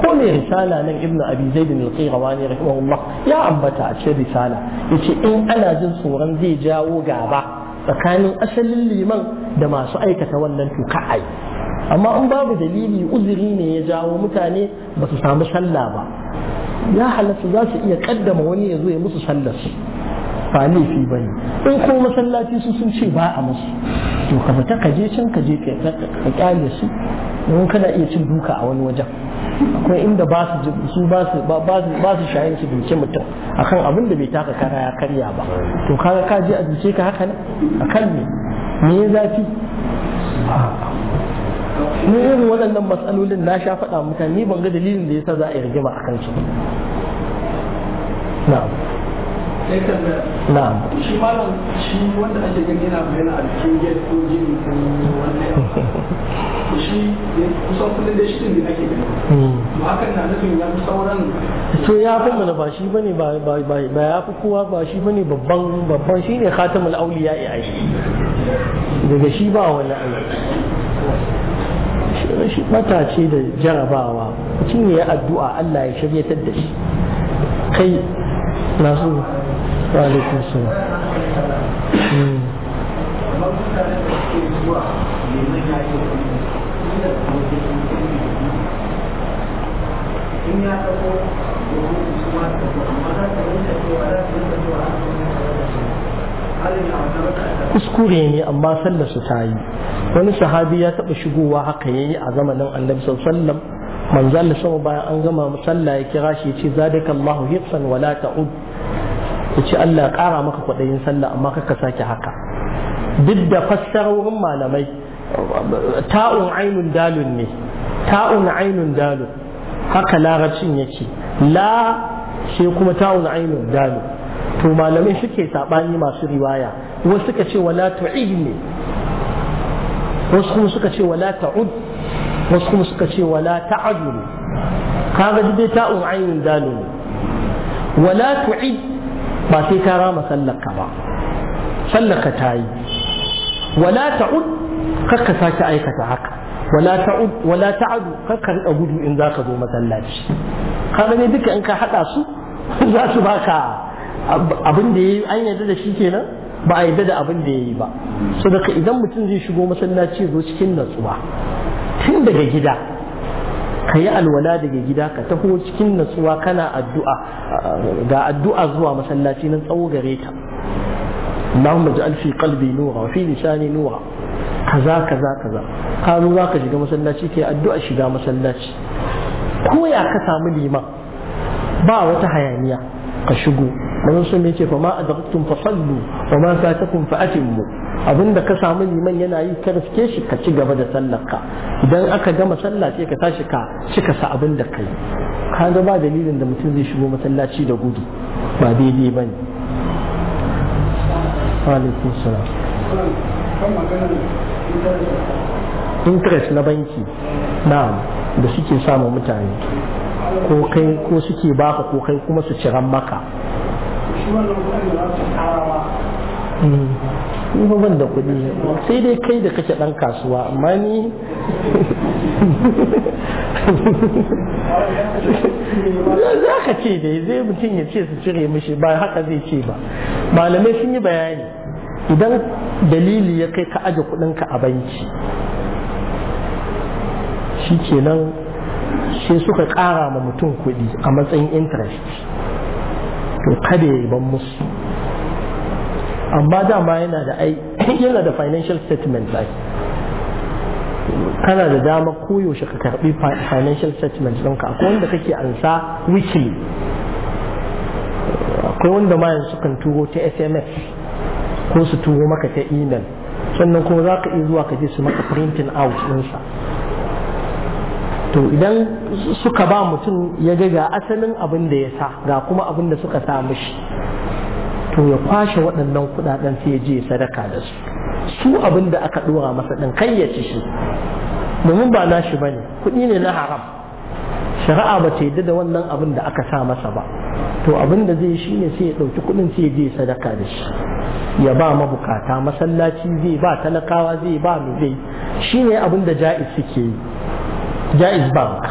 ko mai risala nan ibn abi zaid bin al-qayrawani rahimahullah ya ambata a cikin risala Ya ce in ana jin tsoron zai jawo gaba tsakanin asalin liman da masu aikata wannan to ai amma in babu dalili uzuri ne ya jawo mutane ba su samu sallah ba ya halatta za su iya kaddama wani ya zo ya musu sallar su ba laifi ba ne in ko masallaci su sun ce ba a musu to ka fita ka je can ka je ka kyale su domin kana iya cin duka a wani wajen akwai inda ba su su ba su ba su shayin su duke mutum akan abin da bai taka kara ya karya ba to kaga ka je a duke ka haka ne akan me me ya zafi ni irin waɗannan matsalolin na sha faɗa mutane ni ban ga dalilin da yasa za a yi rigima a kan su na'am na'am shi malam shi wanda ake gani yana bayyana a cikin gate ko jini kan wannan shi kusan kullum da shi ne ake gani hmm. to hakan na nufin ya fi sauran to ya fi mana ba shi bane ba ba ya fi kowa ba shi bane babban babban shine khatamul awliya ai daga shi ba wani aiki. shi matace da jarabawa mutum ya yi addu'a Allah ya shiryatar da shi kai nasu wa alaikum salam hmm. kuskure ne amma sallar su ta yi wani sahabi ya taɓa shigowa haka ya yi a zamanin annabi sallam manzan da sama bayan an gama musalla ya kira shi ya ce zadaka mahu hifsan wala ta'ud ya ce Allah ƙara maka kwaɗayin sallah amma kaka sake haka duk da fassarorin malamai ta'un ainun dalun ne ta'un ainun dalun haka larabcin yake la sai kuma ta'un ainun dalun to malamai suke saɓani masu riwaya wasu suka ce wala tu'id ne wasu kuma suka ce wala ta'ud wasu kuma suka ce wala ta'adulu kaga dai ta ta'un ainin dalu wala tu'id ba sai ka rama sallaka ba sallaka ta yi wala ta'ud kakka sake aikata haka wala ta'ud wala ta'adu kakka rika gudu in zaka zo masallaci kaga ne duka in ka hada su za su baka abin da yayi an da shi kenan ba a yadda da abin da ya yi ba so daga idan mutum zai shigo masallaci zo cikin natsuwa tun daga gida ka yi alwala daga gida ka taho cikin natsuwa kana addu'a ga addu'a zuwa masallaci nan tsawo gare ta اللهم اجعل في قلبي نورا وفي لساني kaza kaza kaza ka za ka shiga masallaci ke addu'a shiga masallaci ko ya ka samu liman ba wata hayaniya ka shigo manzon sun yace fa ma adabtum fa sallu wa ma fatakum fa atimmu abinda ka samu liman yana yi ka riske shi ka ci gaba da sallar ka idan aka gama sallah sai ka tashi ka cika sa abin da kai ka ga ba dalilin da mutum zai shigo masallaci da gudu ba daidai ba ne salam interest na banki na da suke samun mutane ko kai ko suke baka ko kai kuma su ciran maka kuma hmm. ban da kuɗi sai dai kai da kake ɗan kasuwa amma ni za ka ce dai zai mutum ya ce su cire mishi ba haka zai ce ba malamai sun yi bayani idan dalili ya kai ka aje kuɗinka a banki shi nan sai suka ƙara ma mutum kuɗi a matsayin interest to kada ya yi ban musu amma dama yana da ai yana da financial statement ai kana da dama koyaushe ka karbi financial statement ɗinka akwai wanda kake ansa weekly akwai wanda ma yanzu kan turo ta sms ko su turo maka ta email sannan kuma za ka iya zuwa ka je su maka printing out ɗinsa to idan suka ba mutum ya ga ga asalin abin da ya sa ga kuma abin da suka sa mishi to ya kwashe waɗannan kuɗaɗen sai ya je sadaka da su su abin da aka ɗora masa ɗin kai ya ci shi domin ba na shi bane kuɗi ne na haram shari'a ba ta yadda da wannan abin da aka sa masa ba to abin da zai shi ne sai ya ɗauki kuɗin sai ya je sadaka da shi ya ba mabukata masallaci zai ba talakawa zai ba mu zai shi ne abin da ja'iz suke yi jaiz bank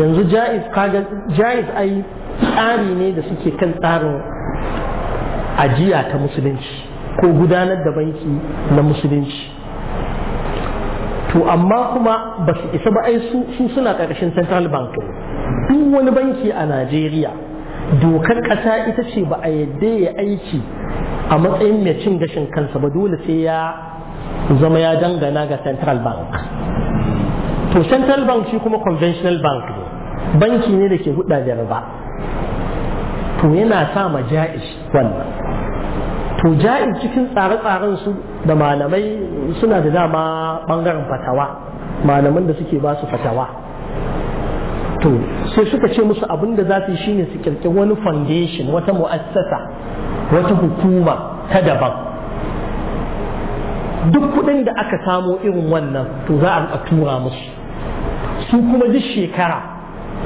yanzu jaiz kaga jaiz ai tsari ne da suke kan tsarin ajiya ta musulunci ko gudanar da banki na musulunci to amma kuma ba su isa ba ai su suna ƙarƙashin central bank duk wani banki a najeriya dokar ƙasa ita ce ba a yadda ya aiki a matsayin mai cin gashin kansa ba dole sai ya zama ya dangana ga central bank to central bank shi kuma conventional bank ne banki ne da ke guda da to yana sa ma ja'ish wannan to Ja'ish cikin tsare-tsaren su da malamai suna da dama bangaren fatawa malaman da suke ba su fatawa to sai suka ce musu abin da za su yi shine su kirkiri wani foundation wata mu'assasa wata hukuma ta daban duk kudin da aka samo irin wannan to za a tura musu su kuma duk shekara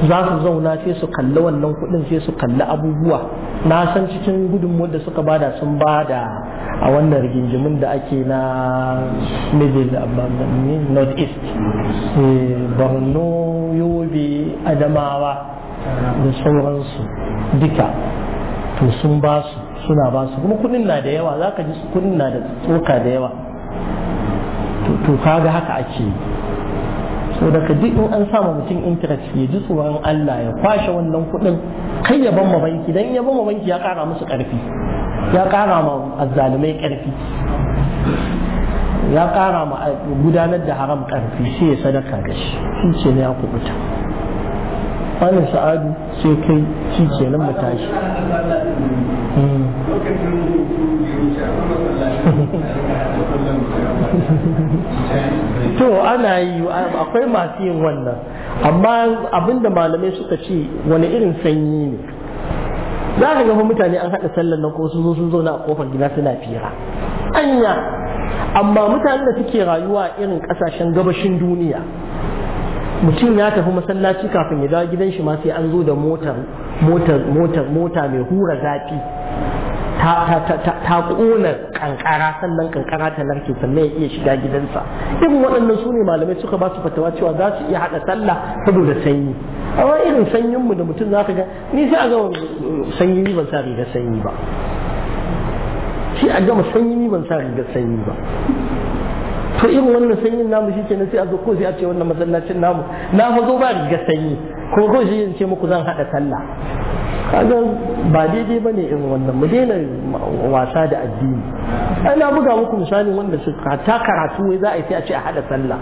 za su zauna sai su kalli wannan kuɗin sai su kalli abubuwa na san cikin gudunmuwar da suka bada sun bada a wannan rigingimin da ake na middle north east eh, borno yobe adamawa da sauransu duka to sun ba su suna ba su kuma kudin na da yawa za ka ji kudin na da tsoka da yawa to kaga haka ake so daga duk in an samu mutum interest ya ji tsoron Allah ya kwashe wannan kuɗin kai ya ban banki dan ya ban banki ya ƙara musu ƙarfi ya ƙara ma azzalumai ƙarfi ya ƙara ma gudanar da haram ƙarfi sai ya sadaka da shi shi ce ya kuɓuta wani sa'adu sai kai shi ke nan mu tashi hmm. lokacin to ana yi akwai masu yin wannan amma abinda malamai suka ce wani irin sanyi ne za ka gafa mutane an haɗa sallar nan ko sun sun zauna a kofar gida suna fira anya amma mutanen da suke rayuwa a irin ƙasashen gabashin duniya mutum ya tafi masallaci kafin ya dawo gidan shi ma sai an zo da motar mota mai hura zafi ta ƙona kankara sannan kankara ta narke sannan ya iya shiga gidansa irin waɗannan su ne malamai suka ba su fatawa cewa za su iya haɗa sallah saboda sanyi amma irin sanyinmu da mutum za ka ga ni sai a gama sanyi ni ban sa rigar sanyi ba shi a gama sanyi ni ban sa rigar sanyi ba to irin wannan sanyin namu shi ke sai a zo ko sai a ce wannan masallacin namu na fa zo ba rigar sanyi ko ko shi ce muku zan haɗa sallah kaga ba daidai ba ne irin wannan mu daina wasa da addini ana buga muku misali wanda su ta karatu wai za a yi sai a ce a haɗa sallah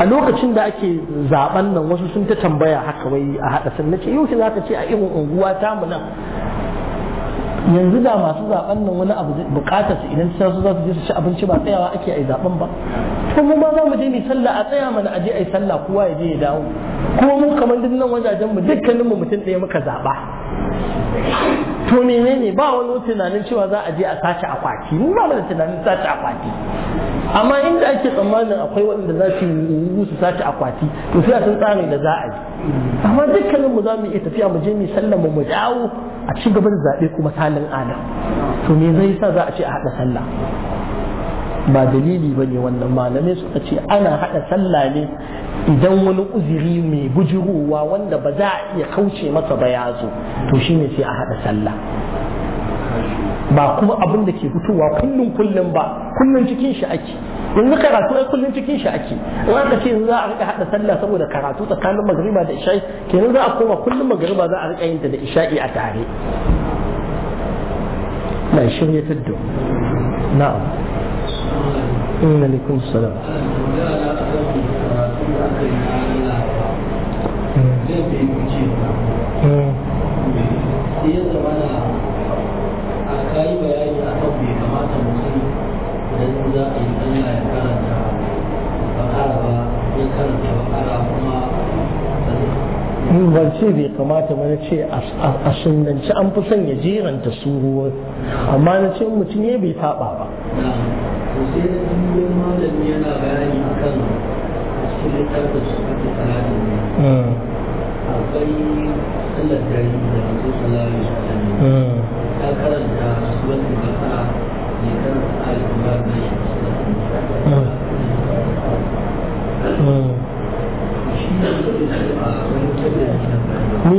a lokacin da ake zaben nan wasu sun ta tambaya haka wai a haɗa sallah ce yau za ka ce a irin unguwa ta mu nan yanzu da masu zaben nan wani abu bukatar su idan sai su za su je su ci abinci ba tsayawa ake ai zaben ba to mu ba za mu je mu sallah a tsaya mana aje ai sallah kowa ya je ya dawo kuma mu kamar nan wajajen mu dukkanin mu mutum ɗaya muka zaba to menene ba wani tunanin cewa za a je a sace akwati mu ba da tunanin sace akwati amma inda ake tsammanin akwai waɗanda za su yi su sace akwati to sai a san tsarin da za a yi amma dukkanin mu za mu iya tafiya mu je mu sallama mu dawo a ci gaba da zaɓe kuma talin adam to me zai sa za a ce a haɗa sallah ba dalili ba ne wannan malamai suka ce ana haɗa sallah ne idan wani uziri mai bujirowa wanda ba za a iya kauce masa ba ya zo to ne sai a haɗa sallah ba kuma abin da ke fitowa kullum kullum ba kullum cikin shi ake yanzu karatu ai kullum cikin shi ake in aka ce za a rika hada sallah saboda karatu tsakanin magriba da isha'i kenan za a koma kullum magriba za a rika yin ta da isha'i a tare na shirya taddo na'am inna alaikum salam Mm. ka yi bayani a kan bai kamata mutum idan za a yi sallah ya karanta bakara ba ya karanta bakara kuma ban ce bai kamata ba na ce a sunanci an fi son ya jeranta suruwar amma na ce mutum ne bai saba ba to sai na a cikin littafin hmm. akwai sallar da mutum sallar da ni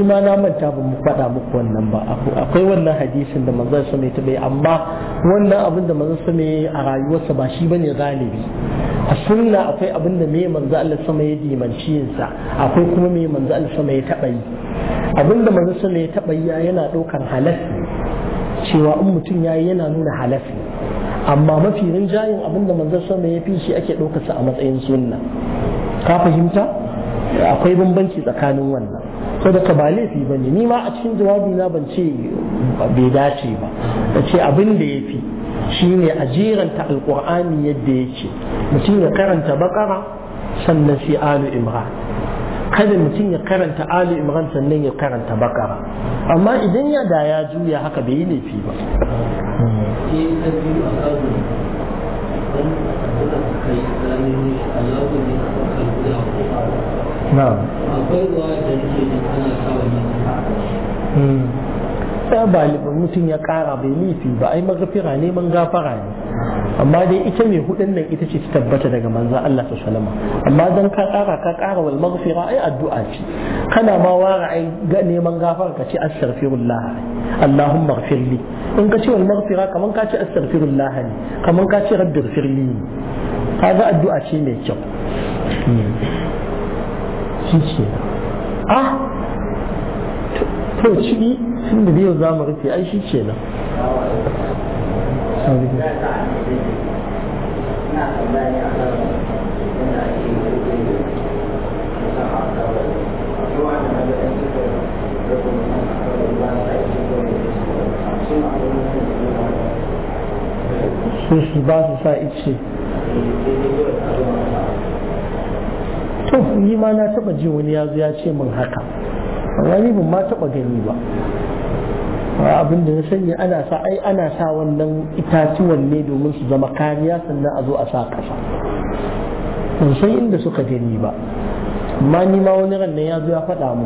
ma na manta ba mu faɗa muku wannan ba akwai wannan hadisin da manzon sa ta bai amma wannan abin da manzon sa mai a rayuwarsa ba shi bane galibi a sunna akwai abin da mai manzo Allah sama ya dimanci yinsa akwai kuma mai manzo Allah sama ya taɓa yi abin da manzon sa ya taɓa yi yana ɗaukar halal cewa in mutum ya yi yana nuna halafi amma mafi rinjayin abinda manzon sama ya fi shi ake ɗaukarsa a matsayin sunna ka fahimta akwai bambanci tsakanin wannan ko da ka ba laifi ba ne ni ma a cikin jawabi na ban ce bai dace ba ba ce abin da ya fi shine a jiranta alƙur'ani yadda yake mutum ya karanta bakara sannan sai alu imran kada mutum ya karanta ali imran sannan ya karanta bakara amma idan ya da ya juya haka bai yi laifi ba na'am akwai ruwa da nake ana sawa ne kaga ba mutum ya kara bai nufi ba ai magafira ne man gafara ne amma dai ita mai hudun nan ita ce ta tabbata daga manzo Allah ta salama amma dan ka kara ka kara wal magfira ai addu'a ce kana ma wara ai ga neman gafara ka ce astaghfirullah Allahumma ighfirli in ka ce wal magfira kaman ka ce astaghfirullah ne kaman ka ce rabbi ighfirli kaga addu'a ce mai kyau hmm. shi ce ah to ciki Shin da biyu za mu rufe ai shi ce nan su su ba su sa ice to ni ma na taba ji wani ya zo ya ce min haka amma ban ma taɓa gani ba abin da na sani ana sa ai ana sa wannan itatuwan ne domin su zama kariya sannan a zo a sa kasa ban san inda suka gani ba amma ni ma wani ran ya zo ya faɗa mu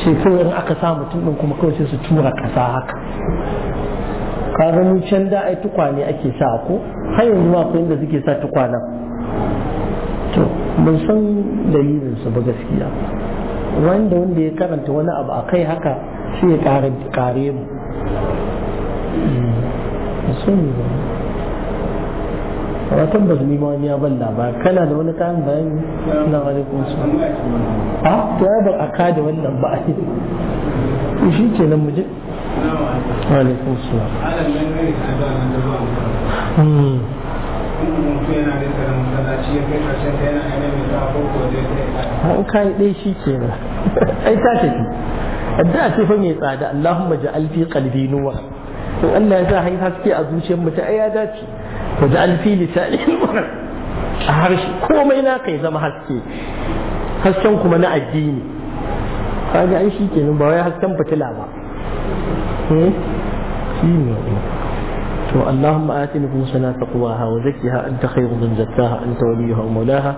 ce kawai aka sa mutum ɗin kuma kawai sai su tura kasa haka ka mu can da ai tukwane ake sa ko har yanzu ma akwai inda suke sa tukwanen to ban san dalilin su ba gaskiya wanda wanda ya karanta wani abu a kai haka shi ya kare mu watan hmm. ba su nima wani ya ban labar kana da wani kayan bayani na alaikun su a ah, to ya ba a ka da wannan ba a shi ke nan muje alaikun su in ka yi ɗaya shi ke nan ai ta tafi addu'a ce fa mai tsada Allahumma ja'al fi qalbi nuwa to Allah ya sa hai haske a zuciyar mutum ai ya dace to ja'al fi lisani nuwa a harshe komai na kai zama haske hasken kuma na addini kaga ai shi kenan ba wai hasken fitila ba eh shi ne تو اللهم آت نفوسنا تقواها وزكها أنت خير من زكاها أنت وليها ومولاها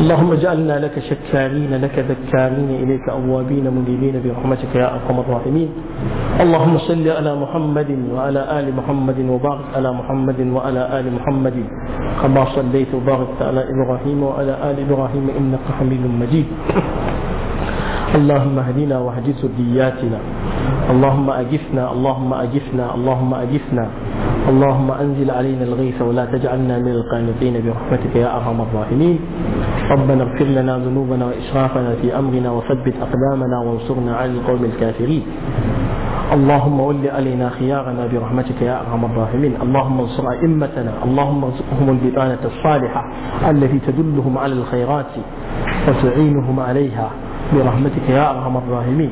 اللهم اجعلنا لك شكارين لك ذكارين إليك أوابين منيبين برحمتك يا أرحم الراحمين اللهم صل على محمد وعلى آل محمد وبارك على محمد وعلى آل محمد كما صليت وباركت على إبراهيم وعلى آل إبراهيم إنك حميد مجيد اللهم اهدنا واهد ذرياتنا اللهم أجفنا اللهم أجفنا اللهم أجفنا اللهم أنزل علينا الغيث ولا تجعلنا من القانطين برحمتك يا أرحم الراحمين ربنا اغفر لنا ذنوبنا وإسرافنا في أمرنا وثبت أقدامنا وانصرنا على القوم الكافرين اللهم ول علينا خيارنا برحمتك يا ارحم الراحمين، اللهم انصر ائمتنا، اللهم ارزقهم البطانه الصالحه التي تدلهم على الخيرات وتعينهم عليها، برحمتك يا أرحم الراحمين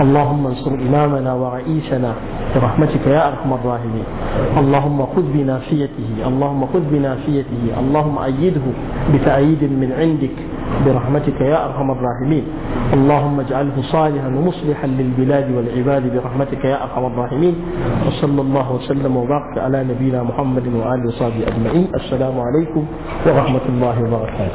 اللهم انصر إمامنا ورئيسنا برحمتك يا أرحم الراحمين اللهم خذ بناصيته اللهم خذ بناصيته اللهم أيده بتأييد من عندك برحمتك يا أرحم الراحمين اللهم اجعله صالحا ومصلحا للبلاد والعباد برحمتك يا أرحم الراحمين وصلى الله وسلم وبارك على نبينا محمد وآله وصحبه أجمعين السلام عليكم ورحمة الله وبركاته